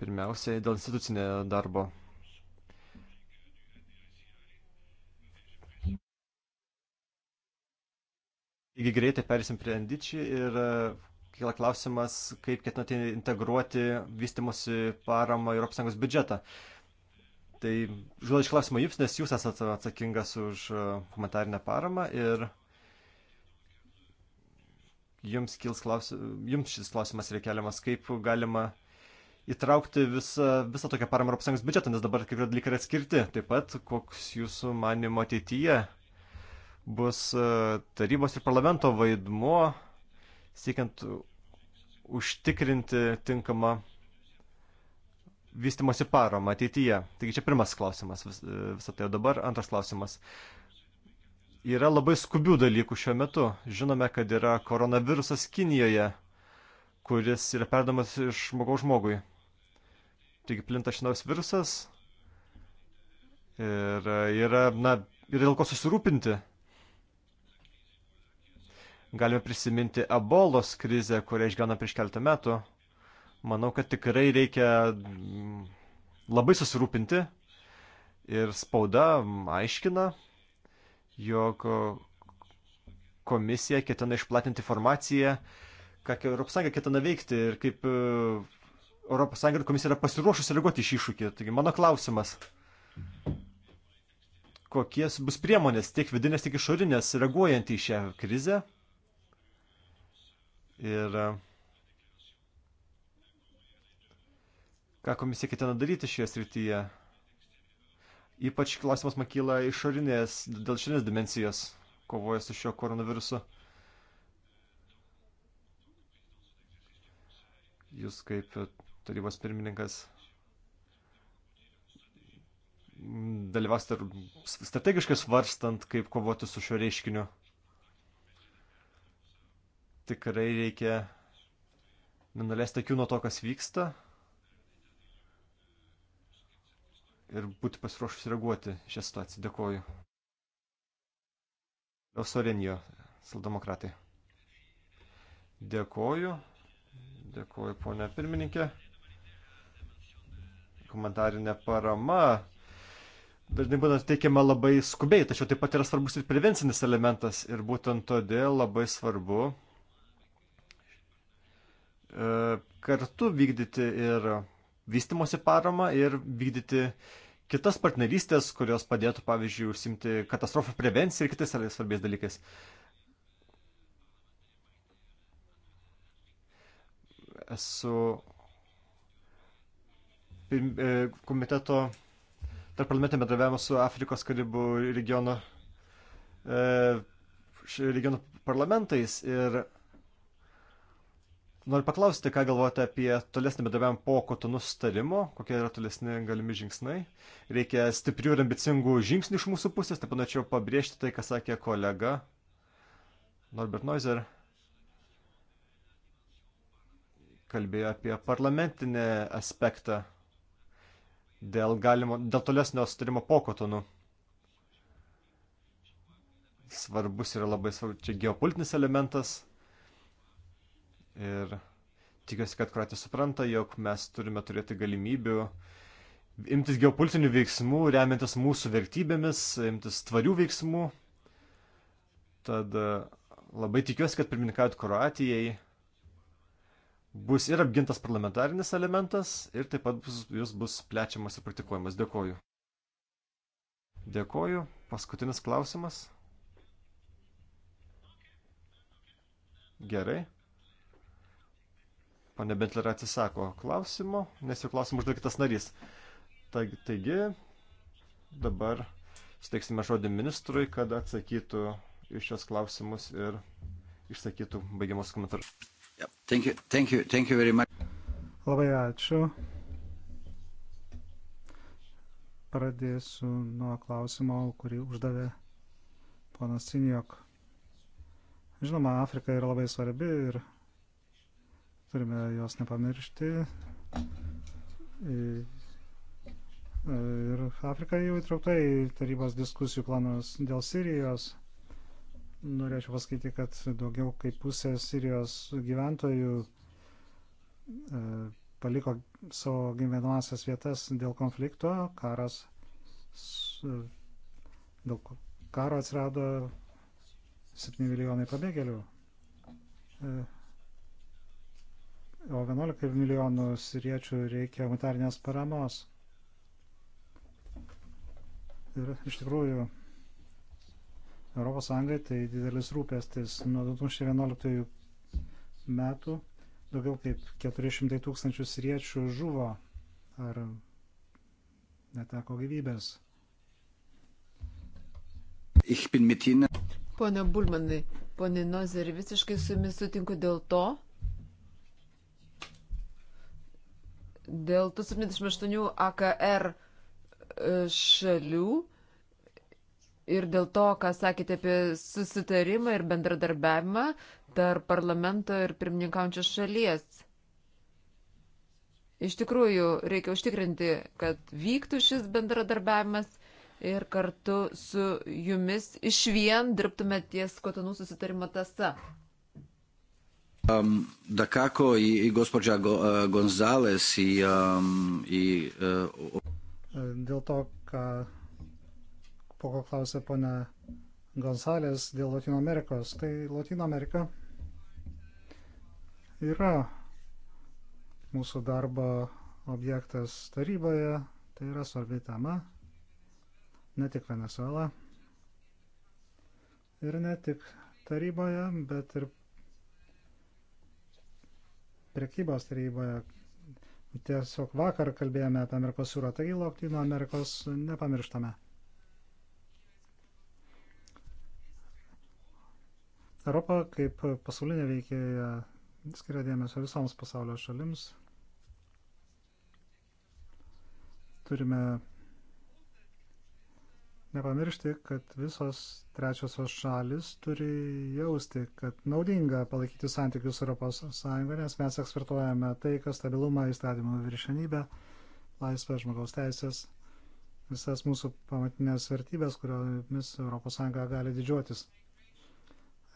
Pirmiausia, dėl institucinė darbo. Taigi greitai perėsim prie Andičių ir e, kyla klausimas, kaip ketinate integruoti vystimosi paramą Europos Sąjungos biudžetą. Tai žodžiu iš klausimo jums, nes jūs esate atsakingas už e, humanitarinę paramą ir jums, klausim, jums šis klausimas yra keliamas, kaip galima įtraukti visą, visą tokią paramą Europos Sąjungos biudžetą, nes dabar kai kurie dalykai yra atskirti. Taip pat, koks jūsų manimo ateityje bus e, tarybos ir parlamento vaidmuo, siekiant užtikrinti tinkamą vystimosi paramą ateityje. Taigi čia pirmas klausimas vis, e, visą tai dabar. Antras klausimas yra labai skubių dalykų šiuo metu. Žinome, kad yra koronavirusas Kinijoje, kuris yra perdamas iš žmogaus žmogui. Taigi plinta šinos virusas ir yra, na, yra dėl ko susirūpinti. Galime prisiminti ebolos krizę, kurią išgyvena prieš keltą metų. Manau, kad tikrai reikia mm, labai susirūpinti ir spauda mm, aiškina, jog komisija ketina išplatinti informaciją, ką ES ketina veikti ir kaip ES ir komisija yra pasiruošusi reaguoti iš iššūkį. Taigi mano klausimas, kokie bus priemonės tiek vidinės, tiek išorinės reaguojant į šią krizę? Ir e, ką komisija ketina daryti šioje srityje? Ypač klausimas man kyla išorinės, dėl šiandienos dimensijos, kovoja su šio koronavirusu. Jūs kaip tarybos pirmininkas dalyvausite strategiškai svarstant, kaip kovoti su šiuo reiškiniu. Tikrai reikia nenulėsti akių nuo to, kas vyksta ir būti pasiruošus reaguoti šią situaciją. Dėkuoju. Osorinio, saldemokratai. Dėkuoju. Dėkuoju, ponia pirmininkė. Komentarinė parama dažnai būna teikiama labai skubiai, tačiau taip pat yra svarbus ir prevencinis elementas. Ir būtent todėl labai svarbu e, kartu vykdyti ir vystimosi paramą ir vykdyti kitas partnerystės, kurios padėtų, pavyzdžiui, užsimti katastrofų prevenciją ir kitais svarbiais dalykais. Esu e, komiteto tarp parlamentinio bendravimo su Afrikos karibų regiono, e, regiono parlamentais ir Noriu paklausti, ką galvojate apie tolesnį bedavimą po kotonų sustarimo, kokie yra tolesni galimi žingsnai. Reikia stiprių ir ambicingų žingsnių iš mūsų pusės, taip panašiau pabrėžti tai, ką sakė kolega Norbert Noizer. Kalbėjo apie parlamentinį aspektą dėl, galimo, dėl tolesnio sustarimo po kotonų. Svarbus yra labai svarbus čia geopolitinis elementas Ir tikiuosi, kad Kroatija supranta, jog mes turime turėti galimybių imtis geopolitinių veiksmų, remiantis mūsų vertybėmis, imtis tvarių veiksmų. Tad e, labai tikiuosi, kad pirmininkaujant Kroatijai bus ir apgintas parlamentarinis elementas, ir taip pat bus, jis bus plečiamas ir praktikuojamas. Dėkoju. Dėkoju. Paskutinis klausimas. Gerai. Pane Bentler atsisako klausimo, nes jau klausimą uždavė kitas narys. Taigi, dabar steiksime žodį ministrui, kad atsakytų iš šios klausimus ir išsakytų baigiamus komentarus. Yeah, thank you, thank you, thank you very much. Labai ačiū. Pradėsiu nuo klausimo, kurį uždavė ponas Sinjok. Žinoma, Afrika yra labai svarbi ir Turime jos nepamiršti. E, e, ir Afrika jau įtraukta į tarybos diskusijų planus dėl Sirijos. Norėčiau pasakyti, kad daugiau kaip pusė Sirijos gyventojų e, paliko savo gyvenamasias vietas dėl konflikto, karas, dėl karo atsirado 7 milijonai pabėgėlių o 11 milijonų siriečių reikia humanitarnės paramos. Ir iš tikrųjų ES tai didelis rūpestis. Nuo 2011 metų daugiau kaip 400 tūkstančių siriečių žuvo ar neteko gyvybės. Pone Bulmanai, pone Nozer, visiškai su jumis sutinku dėl to, dėl tų 78 AKR e, šalių ir dėl to, ką sakėte apie susitarimą ir bendradarbiavimą tarp parlamento ir pirmininkaujančios šalies. Iš tikrųjų, reikia užtikrinti, kad vyktų šis bendradarbiavimas ir kartu su jumis iš vien dirbtume ties kotonų susitarimo tasa. Um, dakako i, i gospođa Go, uh, Gonzales i... Um, i uh, e, e, dėl to, ką po ko klausė ponia Gonzales dėl Latino Amerikos, tai Latino Amerika yra mūsų darbo objektas taryboje, tai yra svarbi tema, ne tik Venezuela ir ne tik taryboje, bet ir prekybos taryboje. Tiesiog vakar kalbėjome apie Merkosūrą, taigi Latino Amerikos nepamirštame. Europa kaip pasaulinė veikėja skiria dėmesio visoms pasaulio šalims. Turime nepamiršti, kad visos trečiosios šalis turi jausti, kad naudinga palaikyti santykius ES, nes mes eksportuojame taiką, stabilumą, įstatymų viršenybę, laisvę, žmogaus teisės, visas mūsų pamatinės vertybės, kuriomis ES gali didžiuotis.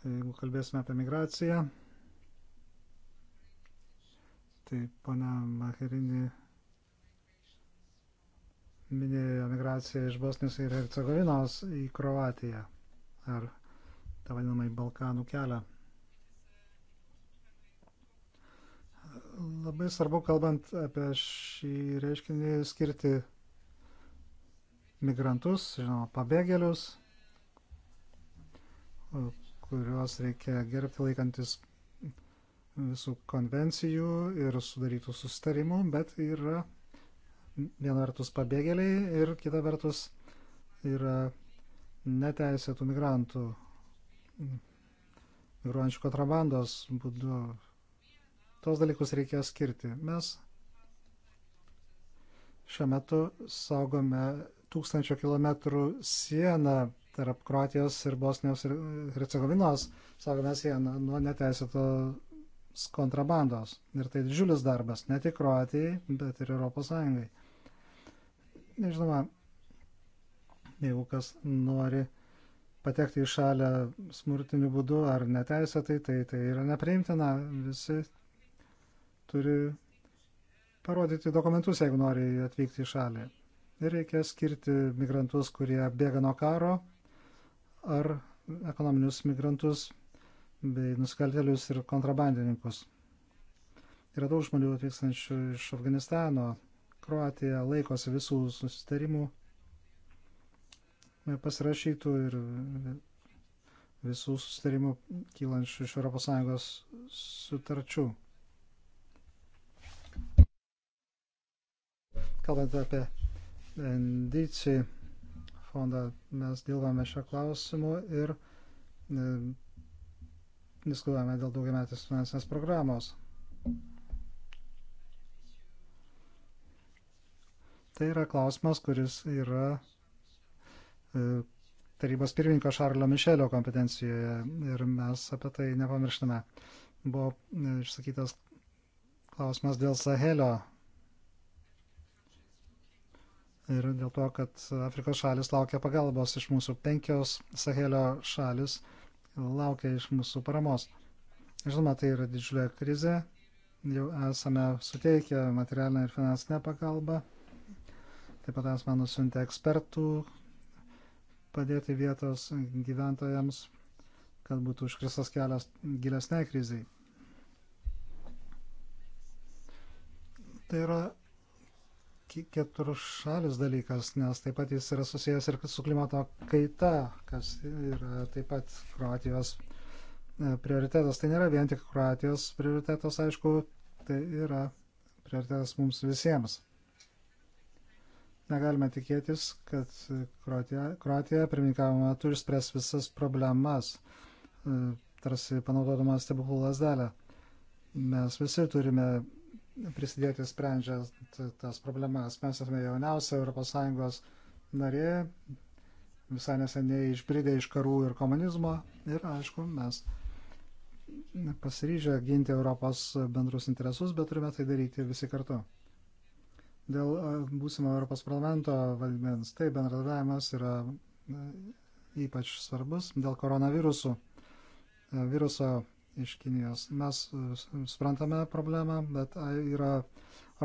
Jeigu kalbėsime apie migraciją, tai pana Maherini minėjo migraciją iš Bosnijos ir Hercegovinos į Kroatiją ar tą vadinamą į Balkanų kelią. Labai svarbu, kalbant apie šį reiškinį, skirti migrantus, žinoma, pabėgėlius, kuriuos reikia gerbti laikantis visų konvencijų ir sudarytų sustarimų, bet yra viena vertus pabėgėliai ir kita vertus yra neteisėtų migrantų, migruojančių kontrabandos būdu. Tos dalykus reikia skirti. Mes šiuo metu saugome tūkstančio kilometrų sieną tarp Kroatijos ir Bosnijos ir Hercegovinos, saugome sieną nuo neteisėtos kontrabandos. Ir tai didžiulis darbas ne tik Kroatijai, bet ir Europos Sąjungai. Žinoma, jeigu kas nori patekti į šalį smurtiniu būdu ar neteisėtai, tai tai yra nepriimtina. Visi turi parodyti dokumentus, jeigu nori atvykti į šalį. Ir reikia skirti migrantus, kurie bėga nuo karo, ar ekonominius migrantus, bei nusikaltelius ir kontrabandininkus. Yra daug žmonių atvykstančių iš Afganistano, Kroatija laikosi visų susitarimų e, pasirašytų ir visų susitarimų kylančių iš ES sutarčių. Kalbant apie NDC fondą, mes dirbame šio klausimu ir e, diskutuojame dėl daugiametės finansinės programos. Tai yra klausimas, kuris yra e, tarybos pirmininko Šarlio Mišelio kompetencijoje ir mes apie tai nepamirštame. Buvo e, išsakytas klausimas dėl Sahelio ir dėl to, kad Afrikos šalis laukia pagalbos iš mūsų. Penkios Sahelio šalis laukia iš mūsų paramos. Žinoma, tai yra didžiulė krizė. Jau esame suteikę materialinę ir finansinę pagalbą Taip pat esame nusiuntę ekspertų padėti vietos gyventojams, kad būtų užkristas kelias gilesnei kriziai. Tai yra keturšalis dalykas, nes taip pat jis yra susijęs ir su klimato kaita, kas yra taip pat Kroatijos e, prioritetas. Tai nėra vien tik Kroatijos prioritetas, aišku, tai yra prioritetas mums visiems negalime tikėtis, kad Kroatija, Kroatija pirmininkavimo metu išspręs visas problemas, e, tarsi panaudodama stebuklų lasdelę. Mes visi turime prisidėti sprendžiant tas problemas. Mes esame jauniausia ES narė, visai neseniai išbridę iš karų ir komunizmo ir, aišku, mes pasiryžę ginti Europos bendrus interesus, bet turime tai daryti visi kartu. Dėl būsimo Europos parlamento valdmens, tai bendradarbiavimas yra ypač svarbus dėl koronavirusų, viruso iš Kinijos. Mes suprantame problemą, bet yra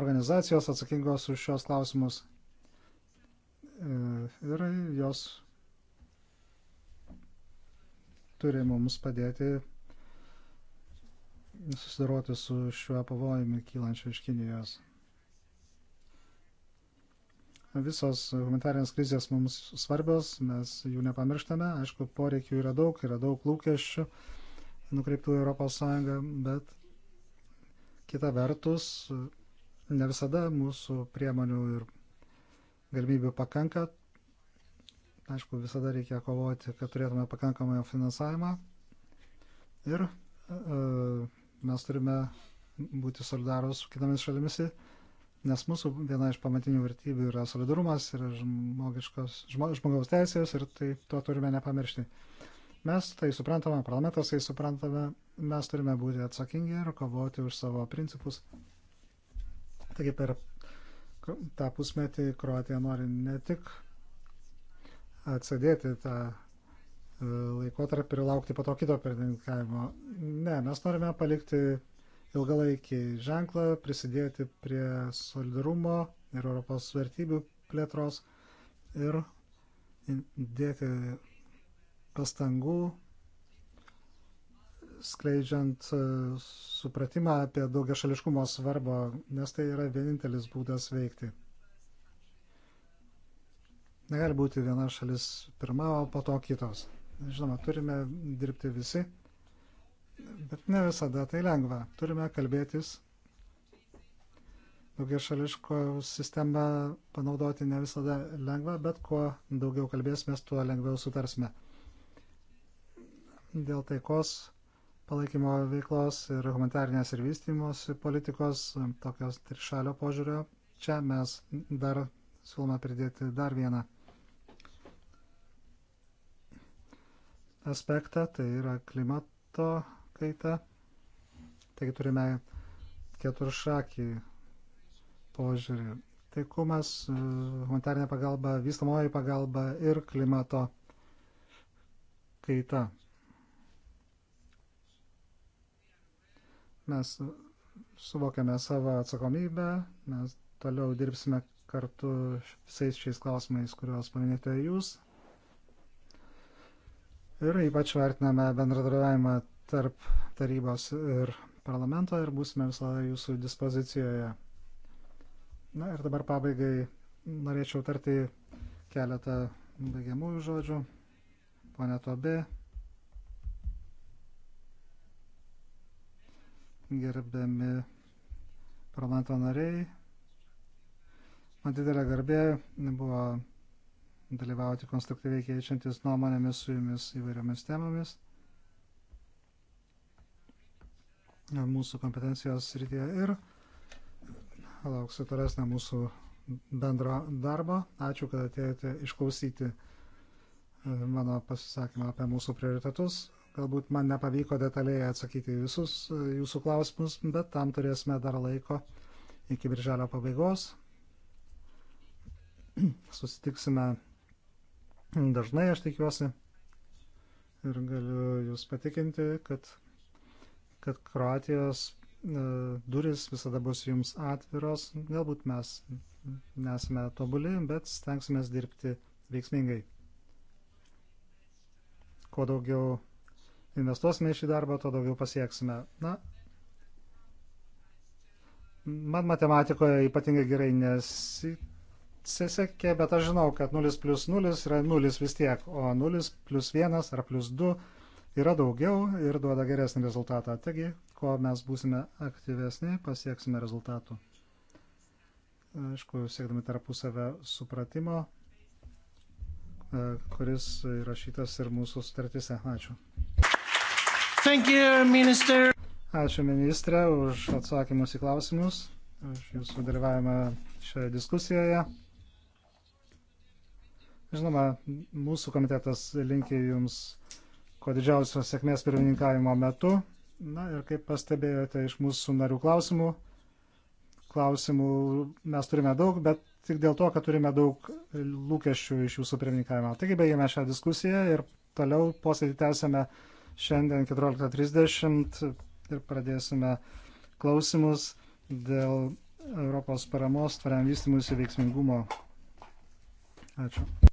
organizacijos atsakingos už šios klausimus e, ir jos turi mums padėti susidoroti su šiuo pavojumi kylančiu iš Kinijos. Visos humanitarinės krizės mums svarbios, mes jų nepamirštame. Aišku, poreikių yra daug, yra daug lūkesčių nukreiptų į ES, bet kita vertus, ne visada mūsų priemonių ir galimybių pakanka. Aišku, visada reikia kovoti, kad turėtume pakankamą finansavimą. Ir e, e mes turime būti solidarūs su kitomis šalimis nes mūsų viena iš pamatinių vertybių yra solidarumas, yra žmogiškos, žmogaus teisės ir tai to turime nepamiršti. Mes tai suprantame, parlamentas tai suprantame, mes turime būti atsakingi ir kovoti už savo principus. Taigi per tą pusmetį Kroatija nori ne tik atsidėti tą e, laikotarpį ir laukti po to kito pirmininkavimo. Ne, mes norime palikti ilgalaikį ženklą, prisidėti prie solidarumo ir Europos vertybių plėtros ir dėti pastangų, skleidžiant e, supratimą apie daugiašališkumo svarbą, nes tai yra vienintelis būdas veikti. Negali būti viena šalis pirma, o po to kitos. Žinoma, turime dirbti visi bet ne visada tai lengva. Turime kalbėtis. Daugia šališko sistemą panaudoti ne visada lengva, bet kuo daugiau kalbėsime, tuo lengviau sutarsime. Dėl taikos palaikymo veiklos ir humanitarnės ir vystymosi politikos, tokios trišalio požiūrio, čia mes dar siūlome pridėti dar vieną aspektą, tai yra klimato kaita. Taigi turime keturšakį požiūrį. Taikumas, e, humanitarinė pagalba, vystamoji pagalba ir klimato kaita. Mes suvokiame savo atsakomybę, mes toliau dirbsime kartu visais šiais klausimais, kuriuos paminėjote jūs. Ir ypač vertiname bendradarbiavimą tarp tarybos ir parlamento ir būsime visada jūsų dispozicijoje. Na ir dabar pabaigai norėčiau tarti keletą baigiamųjų žodžių. Pone Tobė, gerbiami parlamento nariai, man didelė garbė buvo dalyvauti konstruktyviai keičiantis nuomonėmis su jumis įvairiomis temomis. mūsų kompetencijos srityje ir lauksiu tolesnio mūsų bendro darbo. Ačiū, kad atėjote išklausyti e, mano pasisakymą apie mūsų prioritetus. Galbūt man nepavyko detaliai atsakyti visus e, jūsų klausimus, bet tam turėsime dar laiko iki birželio pabaigos. Susitiksime dažnai, aš tikiuosi. Ir galiu jūs patikinti, kad kad Kroatijos e, duris visada bus jums atviros. Galbūt mes nesame tobuli, bet stengsime dirbti veiksmingai. Kuo daugiau investuosime į šį darbą, tuo daugiau pasieksime. Na, man matematikoje ypatingai gerai nesisekė, bet aš žinau, kad 0 plus 0 yra 0 vis tiek, o 0 plus 1 ar plus 2 yra daugiau ir duoda geresnį rezultatą. Taigi, kuo mes būsime aktyvesni, pasieksime rezultatų. Aišku, siekdami tarpusavę supratimo, e, kuris įrašytas ir mūsų sutartise. Ačiū. Thank you, minister. Ačiū ministrė už atsakymus į klausimus, už jūsų dalyvavimą šioje diskusijoje. Žinoma, mūsų komitetas linkia jums kuo didžiausios sėkmės pirmininkavimo metu. Na ir kaip pastebėjote iš mūsų narių klausimų, klausimų mes turime daug, bet tik dėl to, kad turime daug lūkesčių iš jūsų pirmininkavimo. Taigi baigėme šią diskusiją ir toliau posėdį tęsėme šiandien 14.30 ir pradėsime klausimus dėl Europos paramos tvariam vystimuisi veiksmingumo. Ačiū.